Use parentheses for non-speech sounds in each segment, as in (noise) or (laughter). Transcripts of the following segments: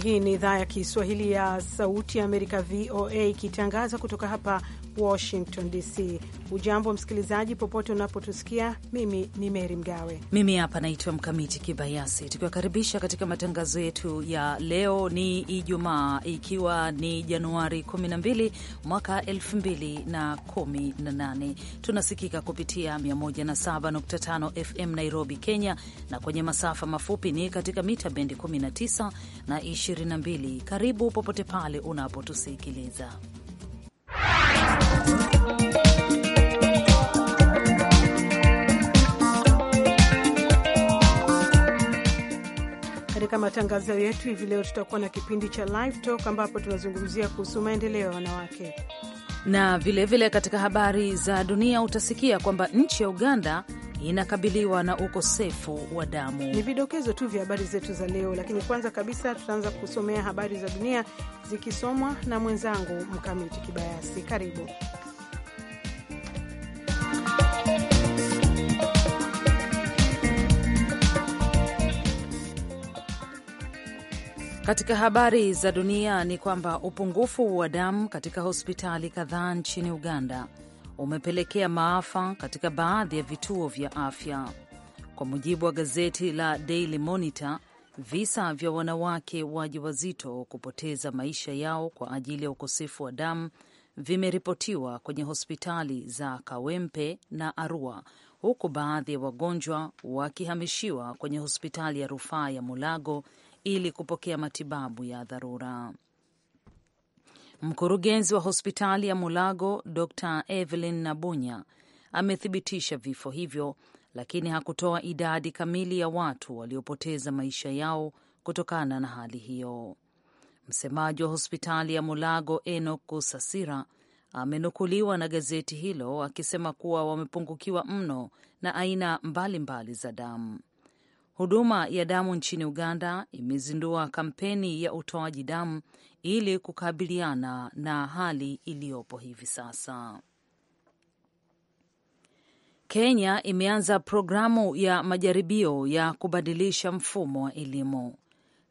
Hii ni idhaa ya Kiswahili ya Sauti ya Amerika, VOA, ikitangaza kutoka hapa Washington DC. Ujambo msikilizaji, popote unapotusikia. Mimi ni Meri Mgawe, mimi hapa naitwa Mkamiti Kibayasi, tukiwakaribisha katika matangazo yetu ya leo. Ni Ijumaa, ikiwa ni Januari 12 mwaka 2018. Tunasikika kupitia 107.5 FM Nairobi, Kenya, na kwenye masafa mafupi ni katika mita bendi 19 na 22. Karibu popote pale unapotusikiliza katika matangazo yetu hivi leo tutakuwa na kipindi cha Live Talk ambapo tunazungumzia kuhusu maendeleo ya wanawake. Na vilevile vile katika habari za dunia utasikia kwamba nchi ya Uganda inakabiliwa na ukosefu wa damu. Ni vidokezo tu vya habari zetu za leo, lakini kwanza kabisa tutaanza kusomea habari za dunia zikisomwa na mwenzangu Mkamiti Kibayasi. Karibu. Katika habari za dunia ni kwamba upungufu wa damu katika hospitali kadhaa nchini Uganda umepelekea maafa katika baadhi ya vituo vya afya. Kwa mujibu wa gazeti la Daily Monitor, visa vya wanawake wajawazito kupoteza maisha yao kwa ajili ya ukosefu wa damu vimeripotiwa kwenye hospitali za Kawempe na Arua, huku baadhi ya wagonjwa wakihamishiwa kwenye hospitali ya rufaa ya Mulago ili kupokea matibabu ya dharura. Mkurugenzi wa hospitali ya Mulago Dr Evelyn Nabunya amethibitisha vifo hivyo, lakini hakutoa idadi kamili ya watu waliopoteza maisha yao kutokana na hali hiyo. Msemaji wa hospitali ya Mulago enok Kusasira amenukuliwa na gazeti hilo akisema kuwa wamepungukiwa mno na aina mbalimbali mbali za damu. Huduma ya damu nchini Uganda imezindua kampeni ya utoaji damu ili kukabiliana na hali iliyopo hivi sasa. Kenya imeanza programu ya majaribio ya kubadilisha mfumo wa elimu.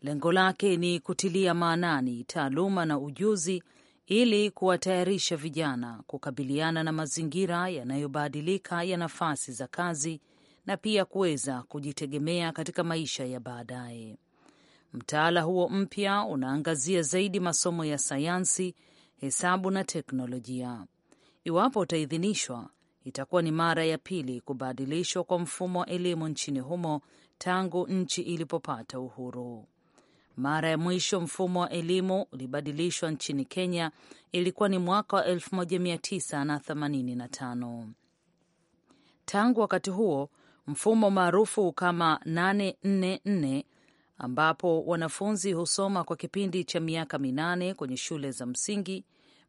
Lengo lake ni kutilia maanani taaluma na ujuzi ili kuwatayarisha vijana kukabiliana na mazingira yanayobadilika ya nafasi za kazi na pia kuweza kujitegemea katika maisha ya baadaye. Mtaala huo mpya unaangazia zaidi masomo ya sayansi, hesabu na teknolojia. Iwapo utaidhinishwa, itakuwa ni mara ya pili kubadilishwa kwa mfumo wa elimu nchini humo tangu nchi ilipopata uhuru. Mara ya mwisho mfumo wa elimu ulibadilishwa nchini Kenya ilikuwa ni mwaka wa 1985. Tangu wakati huo mfumo maarufu kama 844 ambapo wanafunzi husoma kwa kipindi cha miaka minane kwenye shule za msingi,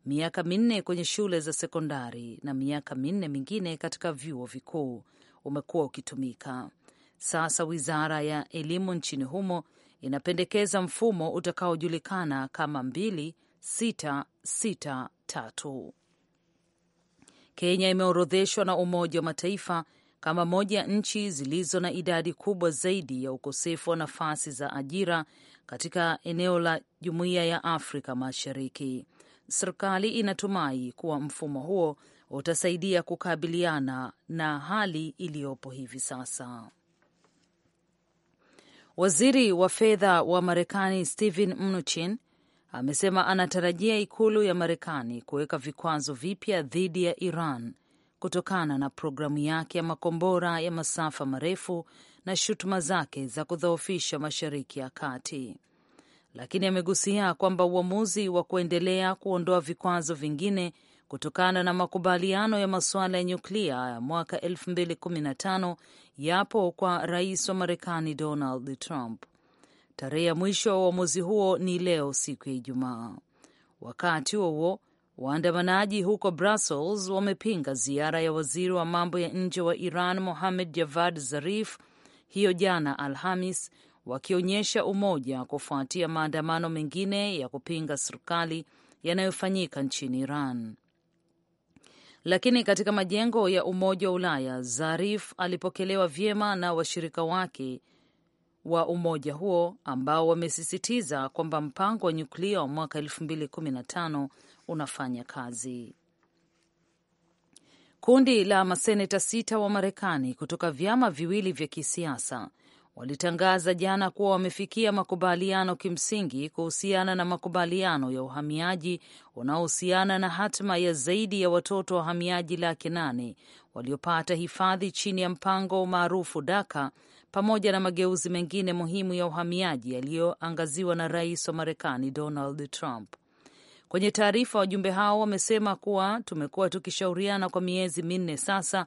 miaka minne kwenye shule za sekondari na miaka minne mingine katika vyuo vikuu umekuwa ukitumika. Sasa wizara ya elimu nchini humo inapendekeza mfumo utakaojulikana kama 2663. Kenya imeorodheshwa na Umoja wa Mataifa kama moja nchi zilizo na idadi kubwa zaidi ya ukosefu wa nafasi za ajira katika eneo la Jumuiya ya Afrika Mashariki. Serikali inatumai kuwa mfumo huo utasaidia kukabiliana na hali iliyopo hivi sasa. Waziri wa fedha wa Marekani Steven Mnuchin amesema anatarajia ikulu ya Marekani kuweka vikwazo vipya dhidi ya Iran kutokana na programu yake ya makombora ya masafa marefu na shutuma zake za kudhoofisha Mashariki ya Kati, lakini amegusia kwamba uamuzi wa kuendelea kuondoa vikwazo vingine kutokana na makubaliano ya masuala ya nyuklia ya mwaka 2015 yapo kwa rais wa Marekani Donald Trump. Tarehe ya mwisho wa uamuzi huo ni leo siku ya Ijumaa. Wakati huo huo Waandamanaji huko Brussels wamepinga ziara ya waziri wa mambo ya nje wa Iran Mohamed Javad Zarif hiyo jana Alhamis, wakionyesha umoja kufuatia maandamano mengine ya kupinga serikali yanayofanyika nchini Iran. Lakini katika majengo ya Umoja wa Ulaya, Zarif alipokelewa vyema na washirika wake wa umoja huo ambao wamesisitiza kwamba mpango wa nyuklia wa mwaka 2015 unafanya kazi. Kundi la maseneta sita wa Marekani kutoka vyama viwili vya kisiasa walitangaza jana kuwa wamefikia makubaliano kimsingi kuhusiana na makubaliano ya uhamiaji unaohusiana na hatima ya zaidi ya watoto wahamiaji laki nane waliopata hifadhi chini ya mpango maarufu Daka pamoja na mageuzi mengine muhimu ya uhamiaji yaliyoangaziwa na rais wa Marekani Donald Trump. Kwenye taarifa, wajumbe hao wamesema kuwa tumekuwa tukishauriana kwa miezi minne sasa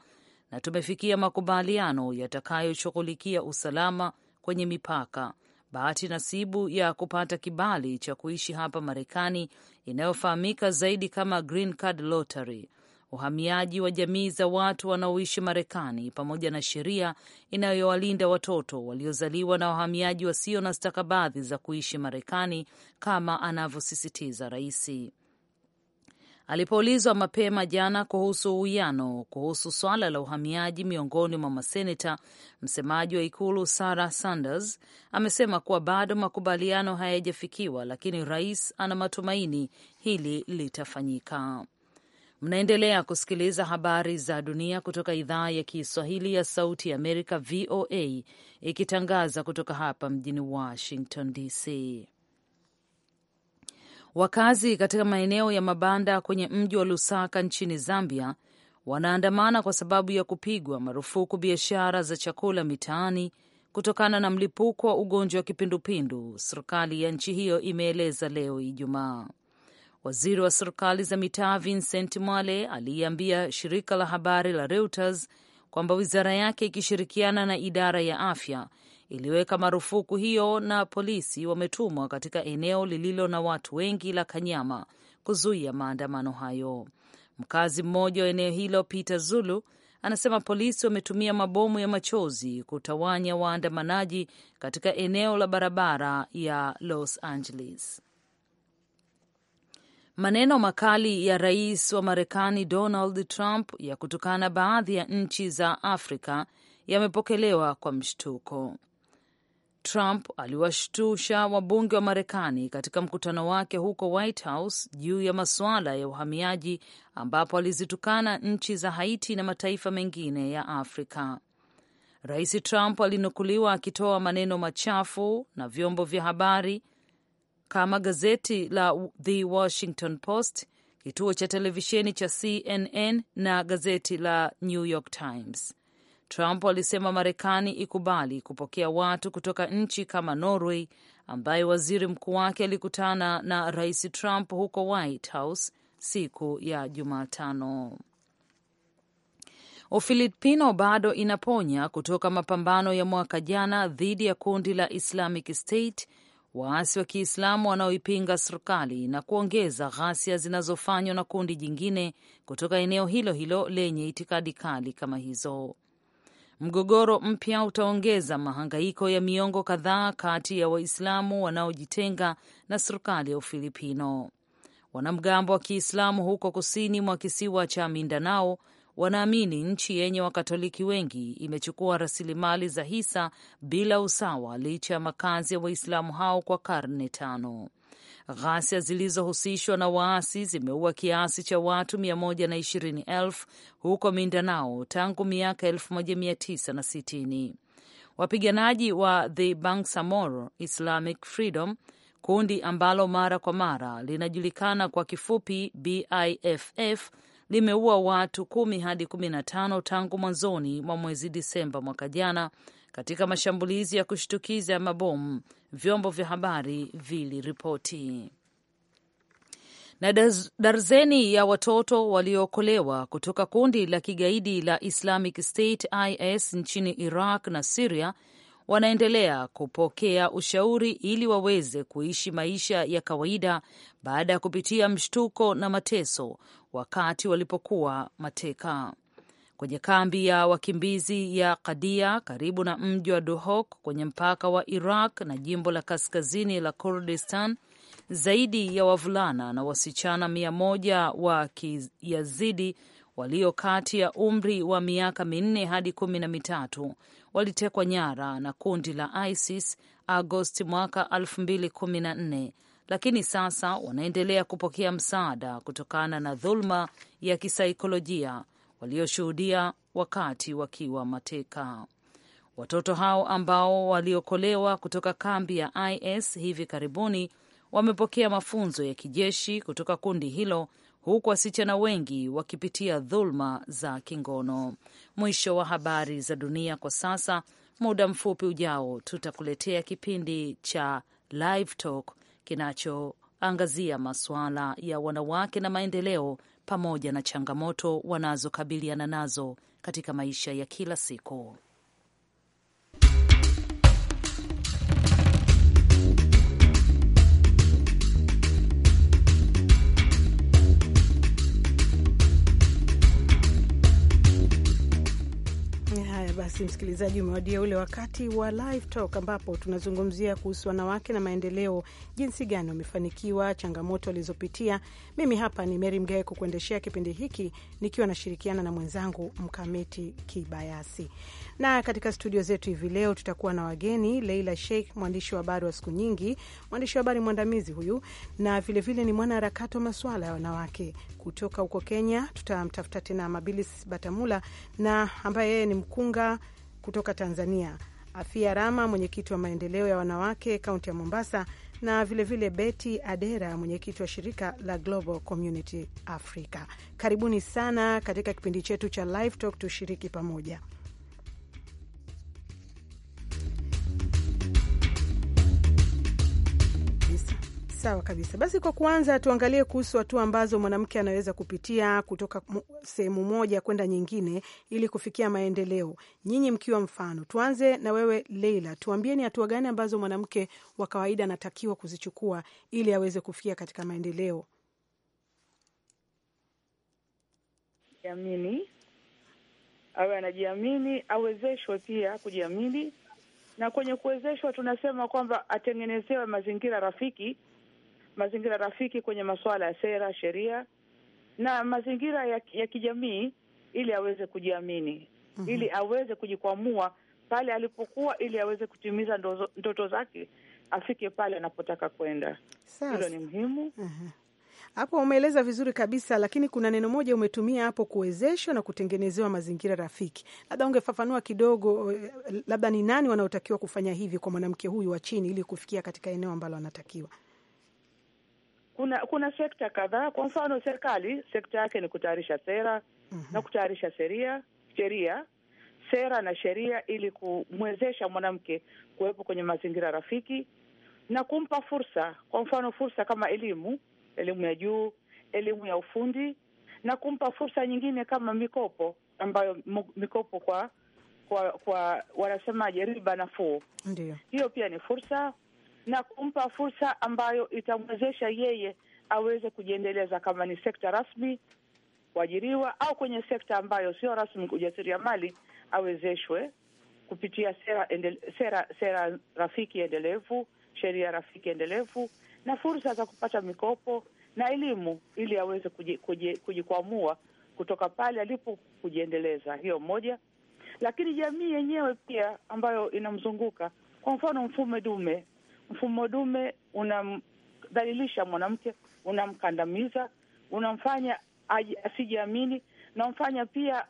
na tumefikia makubaliano yatakayoshughulikia usalama kwenye mipaka. Bahati nasibu ya kupata kibali cha kuishi hapa Marekani inayofahamika zaidi kama Green Card Lottery uhamiaji wa jamii za watu wanaoishi Marekani pamoja na sheria inayowalinda watoto waliozaliwa na wahamiaji wasio na stakabadhi za kuishi Marekani, kama anavyosisitiza raisi. Alipoulizwa mapema jana kuhusu uwiano kuhusu swala la uhamiaji miongoni mwa maseneta, msemaji wa ikulu Sarah Sanders amesema kuwa bado makubaliano hayajafikiwa, lakini rais ana matumaini hili litafanyika. Mnaendelea kusikiliza habari za dunia kutoka idhaa ya Kiswahili ya Sauti ya Amerika, VOA, ikitangaza kutoka hapa mjini Washington DC. Wakazi katika maeneo ya mabanda kwenye mji wa Lusaka nchini Zambia wanaandamana kwa sababu ya kupigwa marufuku biashara za chakula mitaani kutokana na mlipuko wa ugonjwa wa kipindupindu, serikali ya nchi hiyo imeeleza leo Ijumaa. Waziri wa serikali za mitaa Vincent Mwale aliiambia shirika la habari la Reuters kwamba wizara yake ikishirikiana na idara ya afya iliweka marufuku hiyo na polisi wametumwa katika eneo lililo na watu wengi la Kanyama kuzuia maandamano hayo. Mkazi mmoja wa eneo hilo Peter Zulu anasema polisi wametumia mabomu ya machozi kutawanya waandamanaji katika eneo la barabara ya Los Angeles. Maneno makali ya rais wa Marekani Donald Trump ya kutokana baadhi ya nchi za Afrika yamepokelewa kwa mshtuko. Trump aliwashtusha wabunge wa Marekani katika mkutano wake huko White House juu ya masuala ya uhamiaji, ambapo alizitukana nchi za Haiti na mataifa mengine ya Afrika. Rais Trump alinukuliwa akitoa maneno machafu na vyombo vya habari kama gazeti la The Washington Post, kituo cha televisheni cha CNN na gazeti la New York Times. Trump alisema Marekani ikubali kupokea watu kutoka nchi kama Norway, ambaye waziri mkuu wake alikutana na Rais Trump huko White House siku ya Jumatano. Ufilipino bado inaponya kutoka mapambano ya mwaka jana dhidi ya kundi la Islamic State waasi wa Kiislamu wanaoipinga serikali na kuongeza ghasia zinazofanywa na kundi jingine kutoka eneo hilo hilo lenye itikadi kali kama hizo. Mgogoro mpya utaongeza mahangaiko ya miongo kadhaa kati ya Waislamu wanaojitenga na serikali ya Ufilipino. Wanamgambo wa Kiislamu huko kusini mwa kisiwa cha Mindanao wanaamini nchi yenye Wakatoliki wengi imechukua rasilimali za hisa bila usawa, licha ya makazi ya Waislamu hao kwa karne tano. Ghasia zilizohusishwa na waasi zimeua kiasi cha watu 120,000 huko Mindanao tangu miaka 1960. Wapiganaji wa the Bangsamoro Islamic Freedom, kundi ambalo mara kwa mara linajulikana kwa kifupi BIFF, limeua watu kumi hadi kumi na tano tangu mwanzoni mwa mwezi Disemba mwaka jana katika mashambulizi ya kushtukiza ya mabomu, vyombo vya habari viliripoti. Na darzeni ya watoto waliookolewa kutoka kundi la kigaidi la Islamic State IS nchini Iraq na Siria wanaendelea kupokea ushauri ili waweze kuishi maisha ya kawaida baada ya kupitia mshtuko na mateso wakati walipokuwa mateka kwenye kambi ya wakimbizi ya Kadia karibu na mji wa Duhok kwenye mpaka wa Iraq na jimbo la kaskazini la Kurdistan. Zaidi ya wavulana na wasichana mia moja wa Kiyazidi walio kati ya umri wa miaka minne hadi kumi na mitatu walitekwa nyara na kundi la ISIS Agosti mwaka 2014 lakini sasa wanaendelea kupokea msaada kutokana na dhuluma ya kisaikolojia walioshuhudia wakati wakiwa mateka. Watoto hao ambao waliokolewa kutoka kambi ya IS hivi karibuni wamepokea mafunzo ya kijeshi kutoka kundi hilo huku wasichana wengi wakipitia dhulma za kingono. Mwisho wa habari za dunia kwa sasa. Muda mfupi ujao, tutakuletea kipindi cha Live Talk kinachoangazia masuala ya wanawake na maendeleo pamoja na changamoto wanazokabiliana nazo katika maisha ya kila siku. basi, msikilizaji, umewadia ule wakati wa Live Talk ambapo tunazungumzia kuhusu wanawake na maendeleo, jinsi gani wamefanikiwa, changamoto walizopitia. Mimi hapa ni Meri Mgawe kukuendeshea kipindi hiki nikiwa nashirikiana na mwenzangu Mkamiti Kibayasi, na katika studio zetu hivi leo tutakuwa na wageni, Leila Sheikh, mwandishi wa habari wa siku nyingi, mwandishi wa habari mwandamizi huyu, na vilevile vile ni mwanaharakati wa masuala ya wanawake kutoka huko Kenya. Tutamtafuta tena Mabilis Batamula na ambaye yeye ni mkunga kutoka Tanzania, Afia Rama, mwenyekiti wa maendeleo ya wanawake kaunti ya Mombasa, na vilevile vile Beti Adera, mwenyekiti wa shirika la Global Community Africa. Karibuni sana katika kipindi chetu cha Live Talk, tushiriki pamoja. Sawa kabisa. Basi kwa kuanza, tuangalie kuhusu hatua ambazo mwanamke anaweza kupitia kutoka sehemu moja kwenda nyingine ili kufikia maendeleo, nyinyi mkiwa mfano. Tuanze na wewe Leila, tuambie ni hatua gani ambazo mwanamke wa kawaida anatakiwa kuzichukua ili aweze kufikia katika maendeleo. Jiamini, awe anajiamini, awezeshwe pia kujiamini, na kwenye kuwezeshwa tunasema kwamba atengenezewe mazingira rafiki mazingira rafiki kwenye masuala ya sera, sheria na mazingira ya, ya kijamii ili aweze kujiamini mm -hmm. ili aweze kujikwamua pale alipokuwa ili aweze kutimiza ndozo, ndoto zake afike pale anapotaka kwenda. Hilo ni muhimu mm-hmm. Hapo Umeeleza vizuri kabisa, lakini kuna neno moja umetumia hapo, kuwezeshwa na kutengenezewa mazingira rafiki. Labda ungefafanua kidogo, eh, labda ni nani wanaotakiwa kufanya hivi kwa mwanamke huyu wa chini ili kufikia katika eneo ambalo anatakiwa kuna kuna sekta kadhaa. Kwa mfano, serikali sekta yake ni kutayarisha sera mm -hmm. na kutayarisha sheria sheria sera na sheria ili kumwezesha mwanamke kuwepo kwenye mazingira rafiki na kumpa fursa, kwa mfano fursa kama elimu, elimu ya juu, elimu ya ufundi, na kumpa fursa nyingine kama mikopo, ambayo mikopo kwa kwa, kwa wanasemaje, riba nafuu. hiyo pia ni fursa na kumpa fursa ambayo itamwezesha yeye aweze kujiendeleza, kama ni sekta rasmi kuajiriwa, au kwenye sekta ambayo sio rasmi, ujasiriamali, awezeshwe kupitia sera endele, sera sera rafiki endelevu, sheria rafiki endelevu, na fursa za kupata mikopo na elimu, ili aweze kujikwamua kutoka pale alipo kujiendeleza. Hiyo moja, lakini jamii yenyewe pia ambayo inamzunguka, kwa mfano mfume dume mfumo dume unamdhalilisha mwanamke, unamkandamiza, unamfanya asijiamini, namfanya pia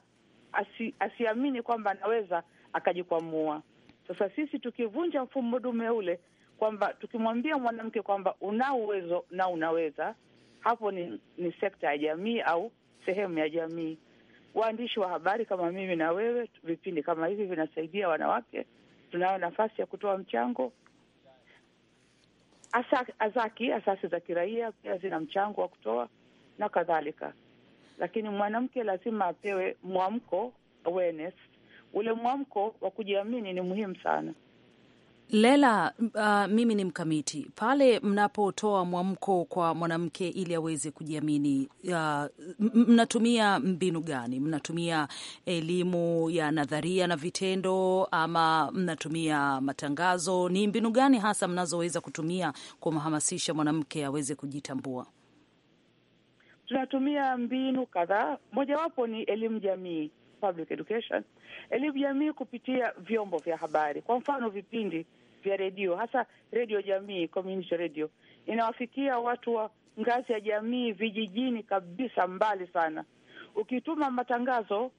asi, asiamini kwamba anaweza akajikwamua. Sasa sisi tukivunja mfumo dume ule, kwamba tukimwambia mwanamke kwamba una uwezo na unaweza, hapo ni, ni sekta ya jamii au sehemu ya jamii. Waandishi wa habari kama mimi na wewe, vipindi kama hivi vinasaidia wanawake, tunayo nafasi ya kutoa mchango asa, azaki asasi za kiraia pia zina mchango wa kutoa na kadhalika, lakini mwanamke lazima apewe mwamko awareness. Ule mwamko wa kujiamini ni muhimu sana. Lela, uh, mimi ni mkamiti pale mnapotoa mwamko kwa mwanamke ili aweze kujiamini, uh, mnatumia mbinu gani? Mnatumia elimu ya nadharia na vitendo, ama mnatumia matangazo? Ni mbinu gani hasa mnazoweza kutumia kumhamasisha mwanamke aweze kujitambua? Tunatumia mbinu kadhaa, mojawapo ni elimu jamii public education, elimu jamii kupitia vyombo vya habari, kwa mfano vipindi vya redio, hasa redio jamii, community radio inawafikia watu wa ngazi ya jamii vijijini kabisa, mbali sana. Ukituma matangazo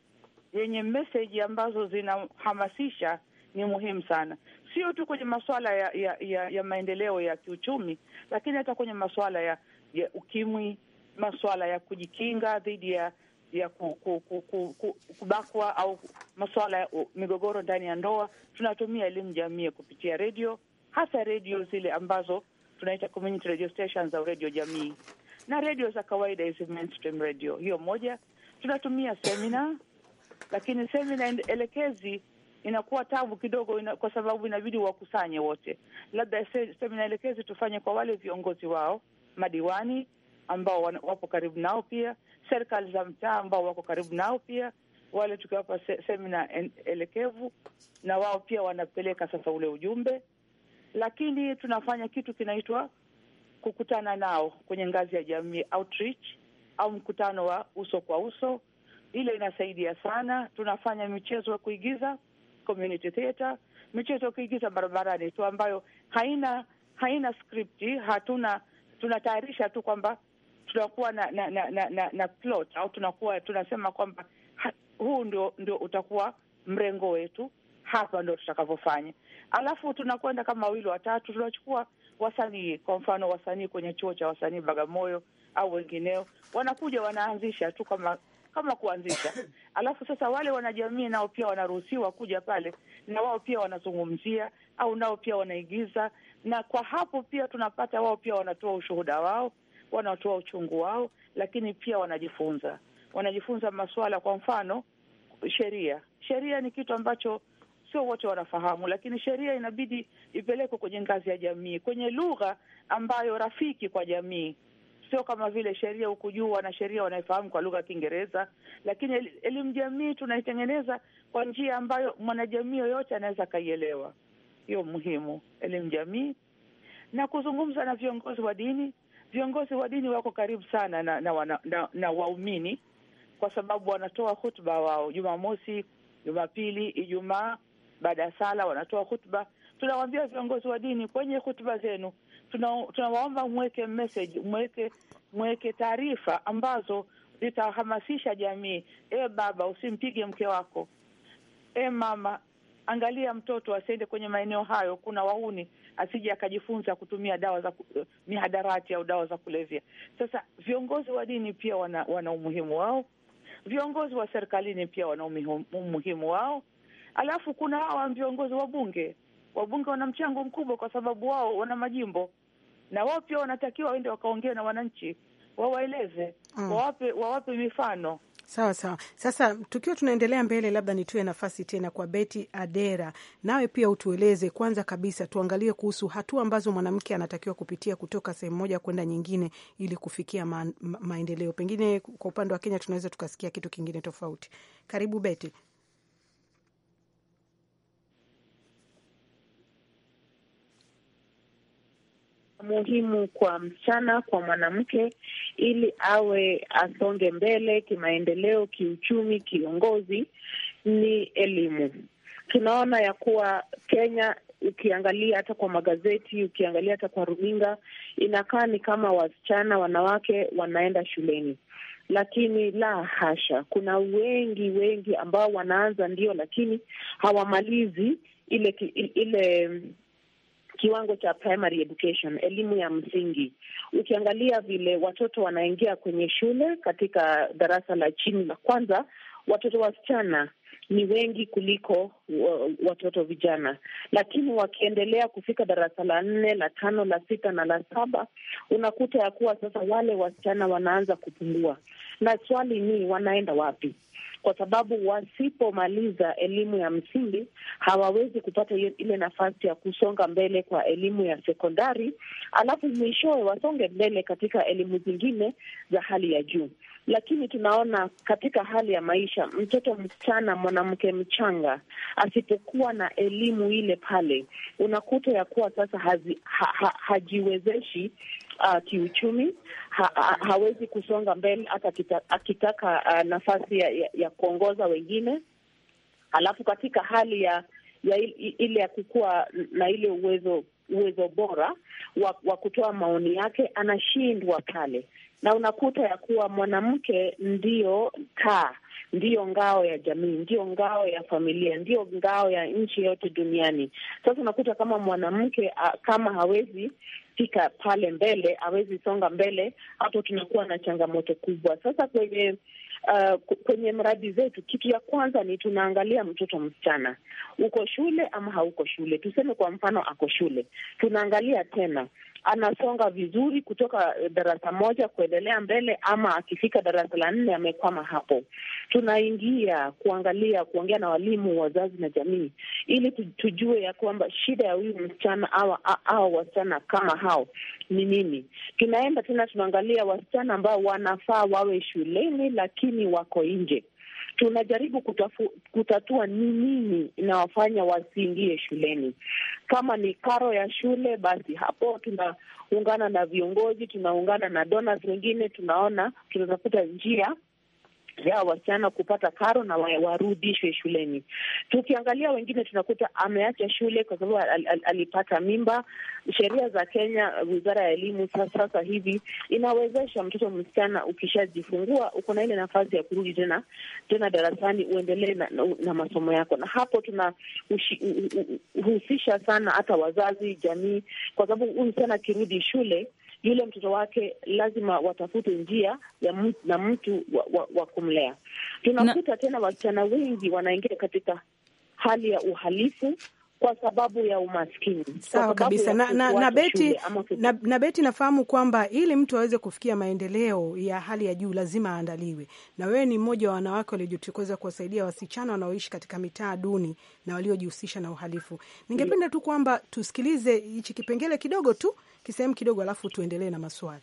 yenye meseji ambazo zinahamasisha ni muhimu sana, sio tu kwenye masuala ya, ya, ya, ya maendeleo ya kiuchumi, lakini hata kwenye masuala ya, ya ukimwi, masuala ya kujikinga dhidi ya ya ku, ku, ku, ku, ku, kubakwa au masuala ya migogoro ndani ya ndoa. Tunatumia elimu jamii kupitia redio, hasa redio zile ambazo tunaita community radio stations au redio jamii na redio za kawaida hizi mainstream radio. Hiyo moja, tunatumia semina, lakini semina elekezi inakuwa tabu kidogo ina, kwa sababu inabidi wakusanye wote. Labda semina elekezi tufanye kwa wale viongozi wao, madiwani ambao wapo karibu nao pia serikali za mtaa ambao wako karibu nao, pia wale tukiwapa se, semina elekevu, na wao pia wanapeleka sasa ule ujumbe, lakini tunafanya kitu kinaitwa kukutana nao kwenye ngazi ya jamii outreach, au mkutano wa uso kwa uso. Ile inasaidia sana. Tunafanya michezo ya kuigiza community theater, michezo ya kuigiza barabarani tu ambayo haina haina skripti, hatuna tunatayarisha tu kwamba tunakuwa na na na, na, na, na plot au tunakuwa tunasema kwamba huu ndio ndio utakuwa mrengo wetu, hapa ndo tutakavyofanya. Alafu tunakwenda kama wawili watatu, tunachukua wasanii, kwa mfano wasanii kwenye chuo cha wasanii Bagamoyo au wengineo, wanakuja wanaanzisha tu kama kama kuanzisha. (coughs) Alafu sasa wale wanajamii nao pia wanaruhusiwa kuja pale, na wao pia wanazungumzia au nao pia wanaigiza, na kwa hapo pia tunapata wao pia wanatoa ushuhuda wao wanatoa uchungu wao, lakini pia wanajifunza, wanajifunza masuala, kwa mfano sheria. Sheria ni kitu ambacho sio wote wanafahamu, lakini sheria inabidi ipelekwe kwenye ngazi ya jamii, kwenye lugha ambayo rafiki kwa jamii, sio kama vile sheria huku juu wana sheria wanaefahamu kwa lugha ya Kiingereza. Lakini elimu jamii tunaitengeneza kwa njia ambayo mwanajamii yoyote anaweza akaielewa. Hiyo muhimu, elimu jamii na kuzungumza na viongozi wa dini Viongozi wa dini wako karibu sana na, na, na, na, na waumini kwa sababu wanatoa hutuba wao Jumamosi, Jumapili, Ijumaa, baada ya sala wanatoa hutuba. Tunawaambia viongozi wa dini kwenye hutuba zenu, tunawaomba tuna mweke message, mweke mweke taarifa ambazo zitahamasisha jamii. E baba, usimpige mke wako. E mama, angalia mtoto asiende kwenye maeneo hayo, kuna wahuni asije akajifunza kutumia dawa za uh, mihadarati au dawa za kulevya. Sasa viongozi wa dini pia wana, wana umuhimu wao, viongozi wa serikalini pia wana umuhimu wao, alafu kuna hawa viongozi wa bunge. Wabunge wana mchango mkubwa, kwa sababu wao wana majimbo na wao pia wanatakiwa waende wakaongea na wananchi, wawaeleze, mm. wawape, wawape mifano Sawa sawa. Sasa tukiwa tunaendelea mbele, labda nitoe nafasi tena kwa Beti Adera, nawe pia utueleze. Kwanza kabisa, tuangalie kuhusu hatua ambazo mwanamke anatakiwa kupitia kutoka sehemu moja kwenda nyingine ili kufikia ma maendeleo. Pengine kwa upande wa Kenya tunaweza tukasikia kitu kingine tofauti. Karibu Beti. muhimu kwa msichana, kwa mwanamke ili awe asonge mbele kimaendeleo, kiuchumi, kiongozi, ni elimu. Tunaona ya kuwa Kenya ukiangalia hata kwa magazeti, ukiangalia hata kwa runinga, inakaa ni kama wasichana, wanawake wanaenda shuleni, lakini la hasha. Kuna wengi wengi ambao wanaanza ndio, lakini hawamalizi ile ile kiwango cha primary education, elimu ya msingi. Ukiangalia vile watoto wanaingia kwenye shule katika darasa la chini la kwanza, watoto wasichana ni wengi kuliko watoto vijana, lakini wakiendelea kufika darasa la nne, la tano, la sita na la saba, unakuta ya kuwa sasa wale wasichana wanaanza kupungua na swali ni wanaenda wapi? Kwa sababu wasipomaliza elimu ya msingi hawawezi kupata ile nafasi ya kusonga mbele kwa elimu ya sekondari, alafu mwishowe wasonge mbele katika elimu zingine za hali ya juu. Lakini tunaona katika hali ya maisha, mtoto msichana, mwanamke mchanga asipokuwa na elimu ile pale, unakuta ya kuwa sasa hazi, ha, ha, hajiwezeshi uh, kiuchumi ha, ha, hawezi kusonga mbele hata akitaka uh, nafasi ya, ya, ya kuongoza wengine. alafu katika hali ya, ya ile ya kukuwa na ile uwezo uwezo bora wa, wa kutoa maoni yake anashindwa pale, na unakuta ya kuwa mwanamke ndiyo taa, ndiyo ngao ya jamii, ndiyo ngao ya familia, ndiyo ngao ya nchi yote duniani. Sasa unakuta kama mwanamke uh, kama hawezi kufika pale mbele, awezi songa mbele. Hapo tunakuwa na changamoto kubwa. Sasa kwenye uh, kwenye mradi zetu, kitu ya kwanza ni tunaangalia mtoto msichana uko shule ama hauko shule. Tuseme kwa mfano ako shule, tunaangalia tena anasonga vizuri kutoka eh, darasa moja kuendelea mbele, ama akifika darasa la nne amekwama hapo. Tunaingia kuangalia, kuongea na walimu, wazazi na jamii, ili tujue ya kwamba shida ya huyu msichana au wasichana kama hao ni nini. Tunaenda tena tunaangalia wasichana ambao wanafaa wawe shuleni lakini wako nje tunajaribu kutafu, kutatua ni nini inawafanya wasiingie shuleni. Kama ni karo ya shule, basi hapo tunaungana na viongozi, tunaungana na donors wengine, tunaona tunatafuta njia ya wasichana kupata karo na warudishwe shuleni. Tukiangalia wengine tunakuta ameacha shule kwa sababu al, al, alipata mimba. Sheria za Kenya, wizara ya elimu sasa hivi inawezesha mtoto msichana, ukishajifungua uko na ile nafasi ya kurudi tena tena darasani uendelee na, na, na masomo yako, na hapo tunahusisha sana hata wazazi, jamii, kwa sababu huyu msichana akirudi shule yule mtoto wake lazima watafute njia ya mtu, na mtu wa, wa, wa kumlea. Tunakuta tena wasichana wengi wanaingia katika hali ya uhalifu kwa sababu ya umaskini. Sawa kabisa na, na, na Beti na, na Beti, nafahamu kwamba ili mtu aweze kufikia maendeleo ya hali ya juu lazima aandaliwe, na wewe ni mmoja wa wanawake waliojitokeza kuwasaidia wasichana wanaoishi katika mitaa duni na waliojihusisha na uhalifu. Ningependa tu kwamba tusikilize hichi kipengele kidogo tu kisehemu kidogo, alafu tuendelee na maswali.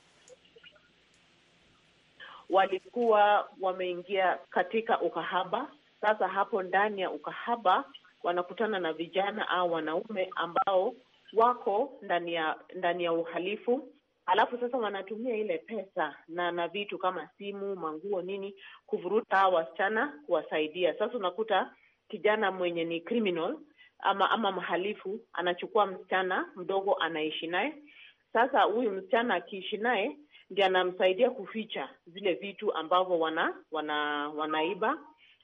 Walikuwa wameingia katika ukahaba, sasa hapo ndani ya ukahaba wanakutana na vijana au wanaume ambao wako ndani ya ndani ya uhalifu, alafu sasa wanatumia ile pesa na na vitu kama simu, manguo, nini kuvuruta wasichana kuwasaidia. Sasa unakuta kijana mwenye ni criminal ama ama mhalifu anachukua msichana mdogo anaishi naye. Sasa huyu msichana akiishi naye ndiye anamsaidia kuficha zile vitu ambavyo wana, wana wanaiba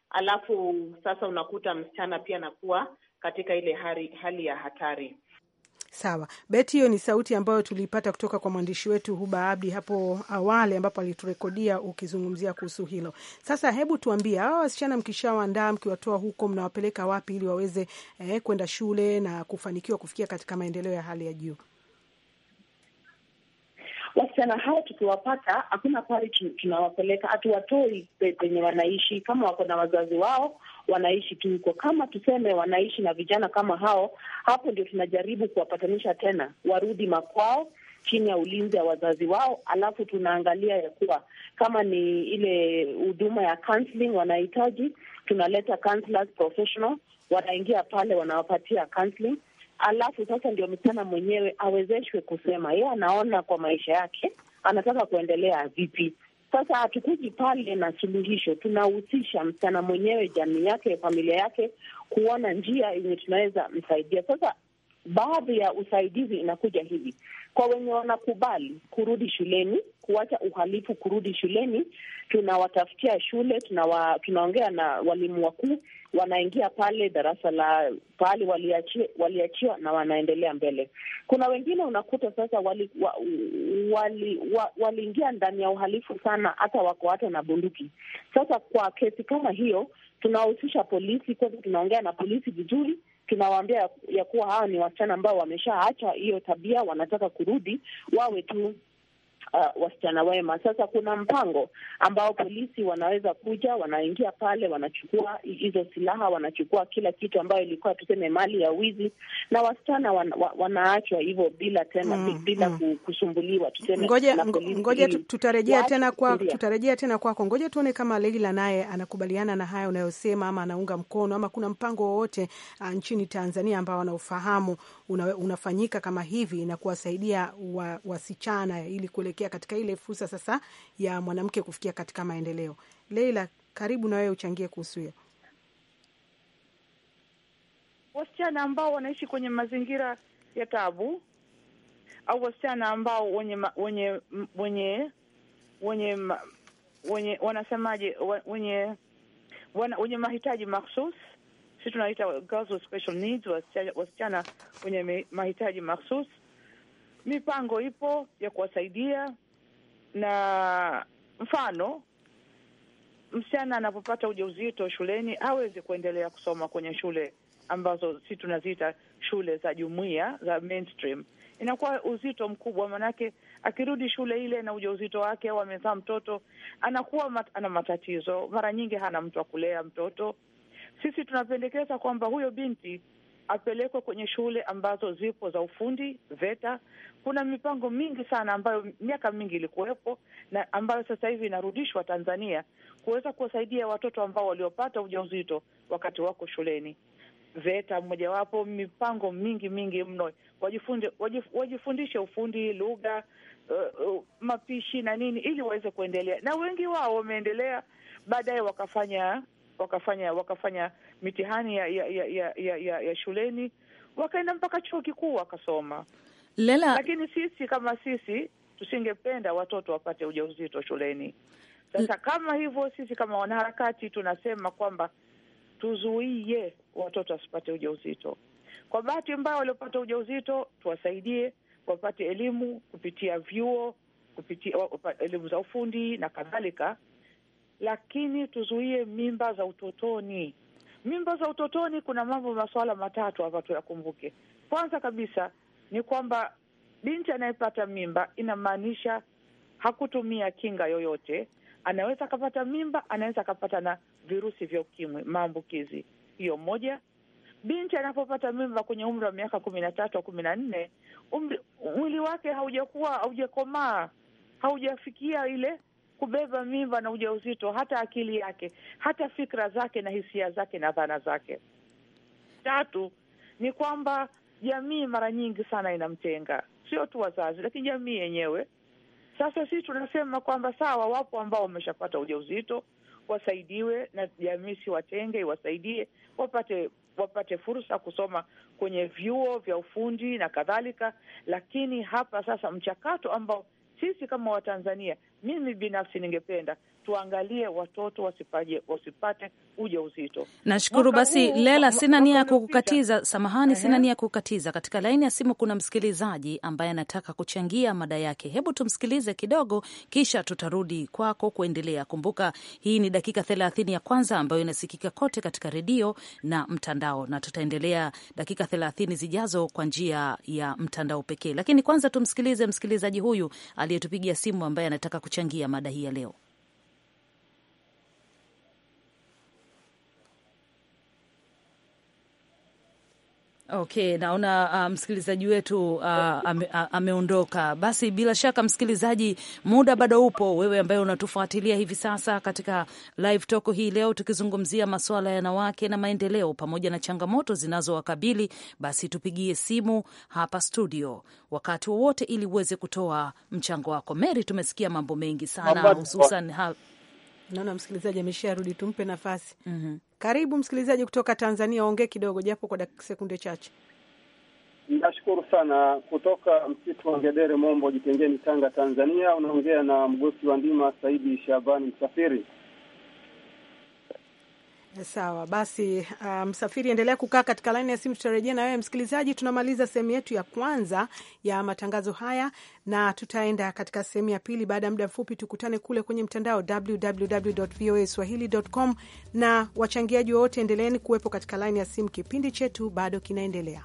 alafu sasa unakuta msichana pia anakuwa katika ile hali, hali ya hatari. Sawa, Beti, hiyo ni sauti ambayo tuliipata kutoka kwa mwandishi wetu Huba Abdi hapo awali, ambapo aliturekodia ukizungumzia kuhusu hilo. Sasa hebu tuambie, hawa wasichana mkishawaandaa, mkiwatoa huko, mnawapeleka wapi ili waweze eh, kwenda shule na kufanikiwa kufikia katika maendeleo ya hali ya juu? wasichana hao tukiwapata, hakuna pale tunawapeleka, hatuwatoi penye wanaishi. Kama wako na wazazi wao wanaishi tu huko, kama tuseme wanaishi na vijana kama hao, hapo ndio tunajaribu kuwapatanisha tena, warudi makwao chini ya ulinzi ya wazazi wao, alafu tunaangalia ya kuwa kama ni ile huduma ya counseling wanahitaji, tunaleta counselors professional, wanaingia pale wanawapatia counseling alafu sasa ndio msichana mwenyewe awezeshwe kusema yeye anaona kwa maisha yake anataka kuendelea vipi. Sasa hatukuji pale na suluhisho, tunahusisha msichana mwenyewe, jamii yake, familia yake, kuona njia yenye tunaweza msaidia. Sasa baadhi ya usaidizi inakuja hivi, kwa wenye wanakubali kurudi shuleni, kuacha uhalifu, kurudi shuleni, tunawatafutia shule, tunawa, tunaongea na walimu wakuu, wanaingia pale darasa la pahali waliachi, waliachiwa na wanaendelea mbele. Kuna wengine unakuta sasa waliingia wa, wali, wa, wali ndani ya uhalifu sana, hata wako hata na bunduki. Sasa kwa kesi kama hiyo tunahusisha polisi. Kwanza tunaongea na polisi vizuri, tunawaambia ya kuwa hawa ni wasichana ambao wameshaacha hiyo tabia, wanataka kurudi wawe tu uh, wasichana wema. Sasa kuna mpango ambao polisi wanaweza kuja, wanaingia pale, wanachukua hizo silaha, wanachukua kila kitu ambayo ilikuwa tuseme mali ya wizi, na wasichana wan, wa, wanaachwa hivyo bila tena mm, bila mm, kusumbuliwa tuseme. Ngoja ngoja tutarejea tena kwa tutarejea tena kwako. Ngoja tuone kama Leila naye anakubaliana na haya unayosema ama anaunga mkono ama kuna mpango wowote uh, nchini Tanzania ambao wanaofahamu una, unafanyika kama hivi na kuwasaidia wasichana wa ili kuelekea kufikia katika ile fursa sasa ya mwanamke kufikia katika maendeleo. Leila, karibu na wewe uchangie kuhusu hiyo. Wasichana ambao wanaishi kwenye mazingira ya tabu au wasichana ambao wenye wenye wenye wenye wenye wanasemaje, wenye wenye mahitaji mahsusi, si tunaita girls with special needs, wasichana wenye mahitaji mahsusi mipango ipo ya kuwasaidia, na mfano msichana anapopata ujauzito shuleni aweze kuendelea kusoma kwenye shule ambazo si tunaziita shule za jumuiya za mainstream. Inakuwa uzito mkubwa, maanake akirudi shule ile na ujauzito wake au amezaa mtoto, anakuwa mat, ana matatizo. Mara nyingi hana mtu wa kulea mtoto. Sisi tunapendekeza kwamba huyo binti apelekwe kwenye shule ambazo zipo za ufundi VETA. Kuna mipango mingi sana ambayo miaka mingi ilikuwepo na ambayo sasa hivi inarudishwa Tanzania kuweza kuwasaidia watoto ambao waliopata ujauzito wakati wako shuleni. VETA mmojawapo mipango mingi mingi mno, wajifunde, wajif, wajifundishe ufundi, lugha, uh, uh, mapishi na nini, ili waweze kuendelea, na wengi wao wameendelea baadaye wakafanya wakafanya wakafanya mitihani ya ya ya ya, ya, ya shuleni wakaenda mpaka chuo kikuu wakasoma Lela... Lakini sisi kama sisi tusingependa watoto wapate ujauzito shuleni. Sasa kama hivyo, sisi kama wanaharakati tunasema kwamba tuzuie watoto wasipate ujauzito. Kwa bahati mbaya, waliopata ujauzito tuwasaidie wapate elimu kupitia vyuo, kupitia elimu za ufundi na kadhalika, lakini tuzuie mimba za utotoni. Mimba za utotoni, kuna mambo masuala matatu hapa tuyakumbuke. Kwanza kabisa ni kwamba binti anayepata mimba inamaanisha hakutumia kinga yoyote. Anaweza akapata mimba, anaweza akapata na virusi vya ukimwi, maambukizi. Hiyo moja. Binti anapopata mimba kwenye umri wa miaka kumi na tatu au kumi na nne, mwili wake haujakuwa haujakomaa, haujafikia ile kubeba mimba na ujauzito, hata akili yake, hata fikra zake na hisia zake na dhana zake. Tatu ni kwamba jamii mara nyingi sana inamtenga, sio tu wazazi, lakini jamii yenyewe. Sasa sisi tunasema kwamba sawa, wapo ambao wameshapata ujauzito wasaidiwe na jamii, si watenge, iwasaidie wapate wapate fursa kusoma kwenye vyuo vya ufundi na kadhalika. Lakini hapa sasa mchakato ambao sisi kama Watanzania, mimi binafsi ningependa tuangalie watoto wasipaje, wasipate uzito Nashukuru basi huu, Lela, sina nia ya kukukatiza, samahani, sina nia ya kukukatiza. Katika laini ya simu kuna msikilizaji ambaye anataka kuchangia mada yake. Hebu tumsikilize kidogo, kisha tutarudi kwako kuendelea. Kumbuka hii ni dakika thelathini ya kwanza ambayo inasikika kote katika redio na mtandao, na tutaendelea dakika thelathini zijazo kwa njia ya mtandao pekee, lakini kwanza tumsikilize msikilizaji huyu aliyetupigia simu ambaye anataka kuchangia mada hii ya leo. Okay, naona uh, msikilizaji wetu uh, ame, uh, ameondoka. Basi bila shaka, msikilizaji, muda bado upo, wewe ambaye unatufuatilia hivi sasa katika live talk hii leo, tukizungumzia masuala ya wanawake na maendeleo pamoja na changamoto zinazowakabili, basi tupigie simu hapa studio wakati wowote, ili uweze kutoa mchango wako. Mary, tumesikia mambo mengi sana hususan Naona msikilizaji rudi tumpe nafasi. mm -hmm. Karibu msikilizaji kutoka Tanzania, ongee kidogo japo kwa sekunde chache. Nashukuru sana kutoka msitu wa Ngedere, Mombo Jitengeni, Tanga, Tanzania. Unaongea na mgosi wa ndima Saidi Shabani Msafiri. Sawa basi, uh, msafiri um, endelea kukaa katika laini ya simu, tutarejea na wewe msikilizaji. Tunamaliza sehemu yetu ya kwanza ya matangazo haya na tutaenda katika sehemu ya pili baada ya muda mfupi. Tukutane kule kwenye mtandao www voa swahilicom na wachangiaji wote endeleeni kuwepo katika laini ya simu, kipindi chetu bado kinaendelea.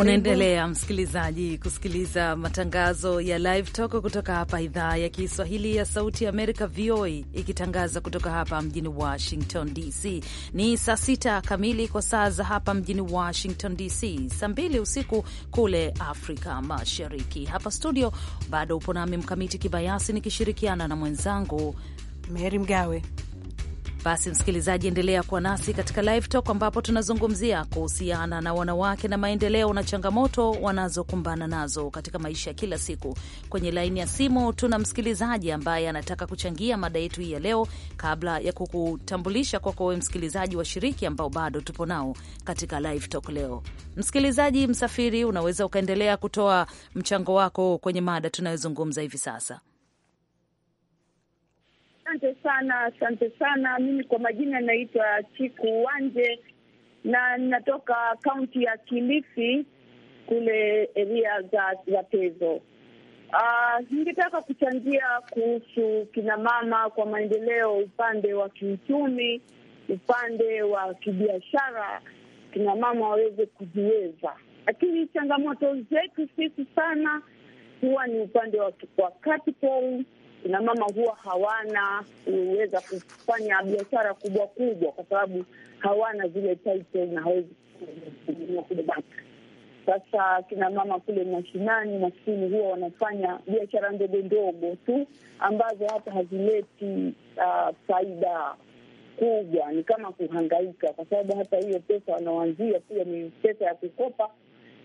Unaendelea msikilizaji kusikiliza matangazo ya Live Talk kutoka hapa idhaa ya Kiswahili ya Sauti ya Amerika, VOA, ikitangaza kutoka hapa mjini Washington DC. Ni saa sita kamili kwa saa za hapa mjini Washington DC, saa mbili usiku kule Afrika Mashariki. Hapa studio bado upo nami Mkamiti Kibayasi nikishirikiana na mwenzangu Meri Mgawe basi msikilizaji, endelea kuwa nasi katika Live Talk ambapo tunazungumzia kuhusiana na wanawake na maendeleo na changamoto wanazokumbana nazo katika maisha ya kila siku. Kwenye laini ya simu tuna msikilizaji ambaye anataka kuchangia mada yetu hii ya leo. Kabla ya kukutambulisha kwako wewe msikilizaji, washiriki ambao bado tupo nao katika Live Talk leo, msikilizaji msafiri, unaweza ukaendelea kutoa mchango wako kwenye mada tunayozungumza hivi sasa. Asante sana, asante sana. Mimi kwa majina naitwa Chiku Wanje na natoka kaunti ya Kilifi kule eria za Tezo. Uh, ah, ningetaka kuchangia kuhusu kinamama kwa maendeleo upande wa kiuchumi, upande wa kibiashara, kinamama waweze kujiweza, lakini changamoto zetu sisi sana huwa ni upande wa capital kina mama huwa hawana uweza kufanya biashara kubwa kubwa, kwa sababu hawana zile title na hawezi kubaki. Sasa kina mama kule mashinani maskini huwa wanafanya biashara ndogo ndogo tu ambazo hata hazileti uh, faida kubwa. Ni kama kuhangaika, kwa sababu hata hiyo pesa wanaoanzia pia ni pesa ya kukopa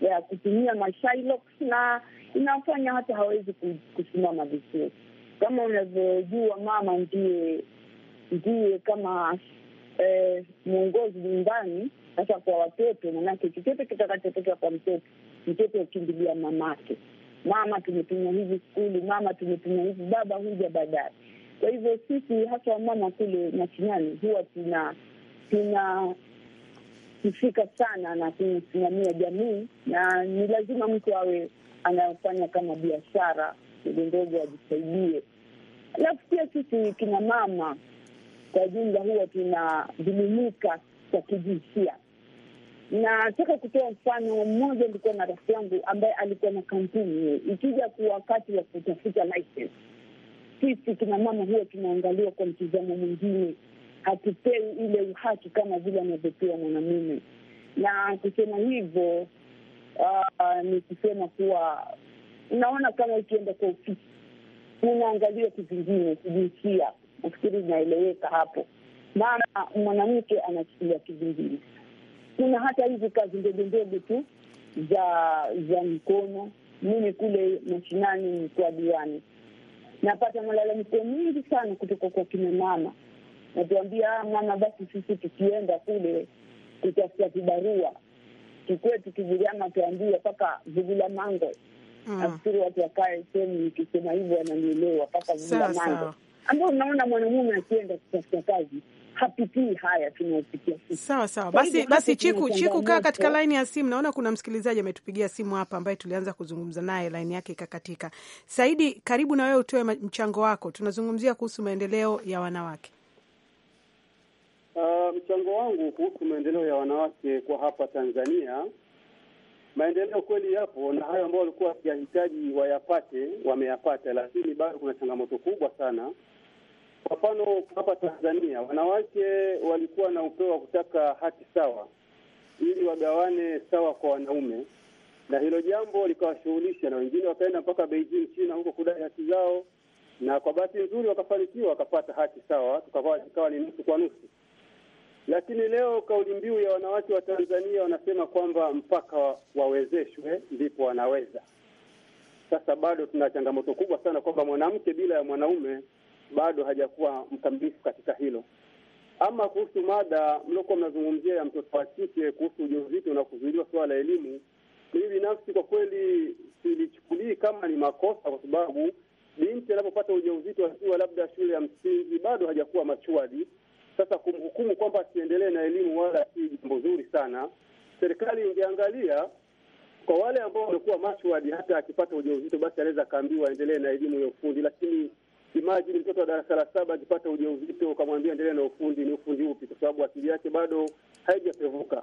ya kutumia mashailo, na inafanya hata hawezi kusimama vizuri. Kama unavyojua mama ndiye ndiye kama eh, mwongozi nyumbani, hasa kwa watoto, manake chochote kitakachotokea kwa mtoto, mtoto akimbilia mamake, mama tumetumia hivi skuli, mama tumetumia hivi, baba huja baadaye. Kwa hivyo sisi hasa wamama kule mashinani huwa tuna tuna kufika sana na kusimamia jamii, na ni lazima mtu awe anayofanya kama biashara ndogo ndogo wajisaidie. Alafu pia sisi kina mama kwa jumla huwa tunadhulumika kwa kijinsia. Nataka kutoa mfano mmoja, alikuwa na rafiki yangu ambaye alikuwa na kampuni. Ikija kuwa wakati wa kutafuta license, sisi kina mama huwa tunaangaliwa kwa mtizamo mwingine, hatupewi ile uhaki kama vile anavyopewa mwanamume. Na kusema hivyo, uh, ni kusema kuwa naona kama ikienda kwa ofisi unaangalia kizingine kijinsia. Nafikiri inaeleweka hapo, maana mwanamke anachukulia kizingine Kuna hata hizi kazi ndogo ndogo tu za za mikono. Mimi kule mashinani nilikuwa diwani, napata malalamiko mingi sana kutoka kwa kina mama, natuambia ah, mama, basi sisi tukienda kule kutafuta kibarua tukwetu kivigama, tuambie mpaka vugula mango Mm. Nafikiri watu wakae sehemu, nikisema hivyo wananielewa mpaka vula mango, ambao unaona mwanamume akienda kutafuta kazi hapitii haya Sawa sawa, basi basi, Chiku Chiku, kaa katika laini ya simu. Naona kuna msikilizaji ametupigia simu hapa, ambaye tulianza kuzungumza naye, laini yake ikakatika. Saidi, karibu na wewe, utoe mchango wako. Tunazungumzia kuhusu maendeleo ya wanawake. Uh, mchango wangu kuhusu maendeleo ya wanawake kwa hapa Tanzania maendeleo kweli yapo na hayo ambao walikuwa wakiyahitaji wayapate wameyapata, lakini bado kuna changamoto kubwa sana. Kwa mfano hapa Tanzania wanawake walikuwa na upeo wa kutaka haki sawa ili wagawane sawa kwa wanaume, na hilo jambo likawashughulisha, na wengine wakaenda mpaka Beijing, China huko kudai haki zao, na kwa bahati nzuri wakafanikiwa, wakapata haki sawa, tukawa ikawa ni nusu kwa nusu lakini leo kauli mbiu ya wanawake wa Tanzania wanasema kwamba mpaka wawezeshwe ndipo wanaweza. Sasa bado tuna changamoto kubwa sana kwamba mwanamke bila ya mwanaume bado hajakuwa mkamilifu katika hilo. Ama kuhusu mada mliokuwa mnazungumzia ya mtoto wa kike kuhusu ujauzito na kuzuiliwa suala la elimu, mimi binafsi kwa kweli silichukulii kama ni makosa, kwa sababu binti anapopata ujauzito akiwa labda shule ya msingi bado hajakuwa machuadi sasa kumhukumu kwamba asiendelee na elimu wala si jambo zuri sana. Serikali ingeangalia kwa wale ambao wamekuwa mashwadi, hata akipata ujauzito basi anaweza akaambiwa aendelee na elimu ya ufundi, lakini imajini mtoto wa darasa la saba akipata ujauzito ukamwambia endelee na ufundi, ni ufundi upi? Kwa sababu akili yake bado haijapevuka.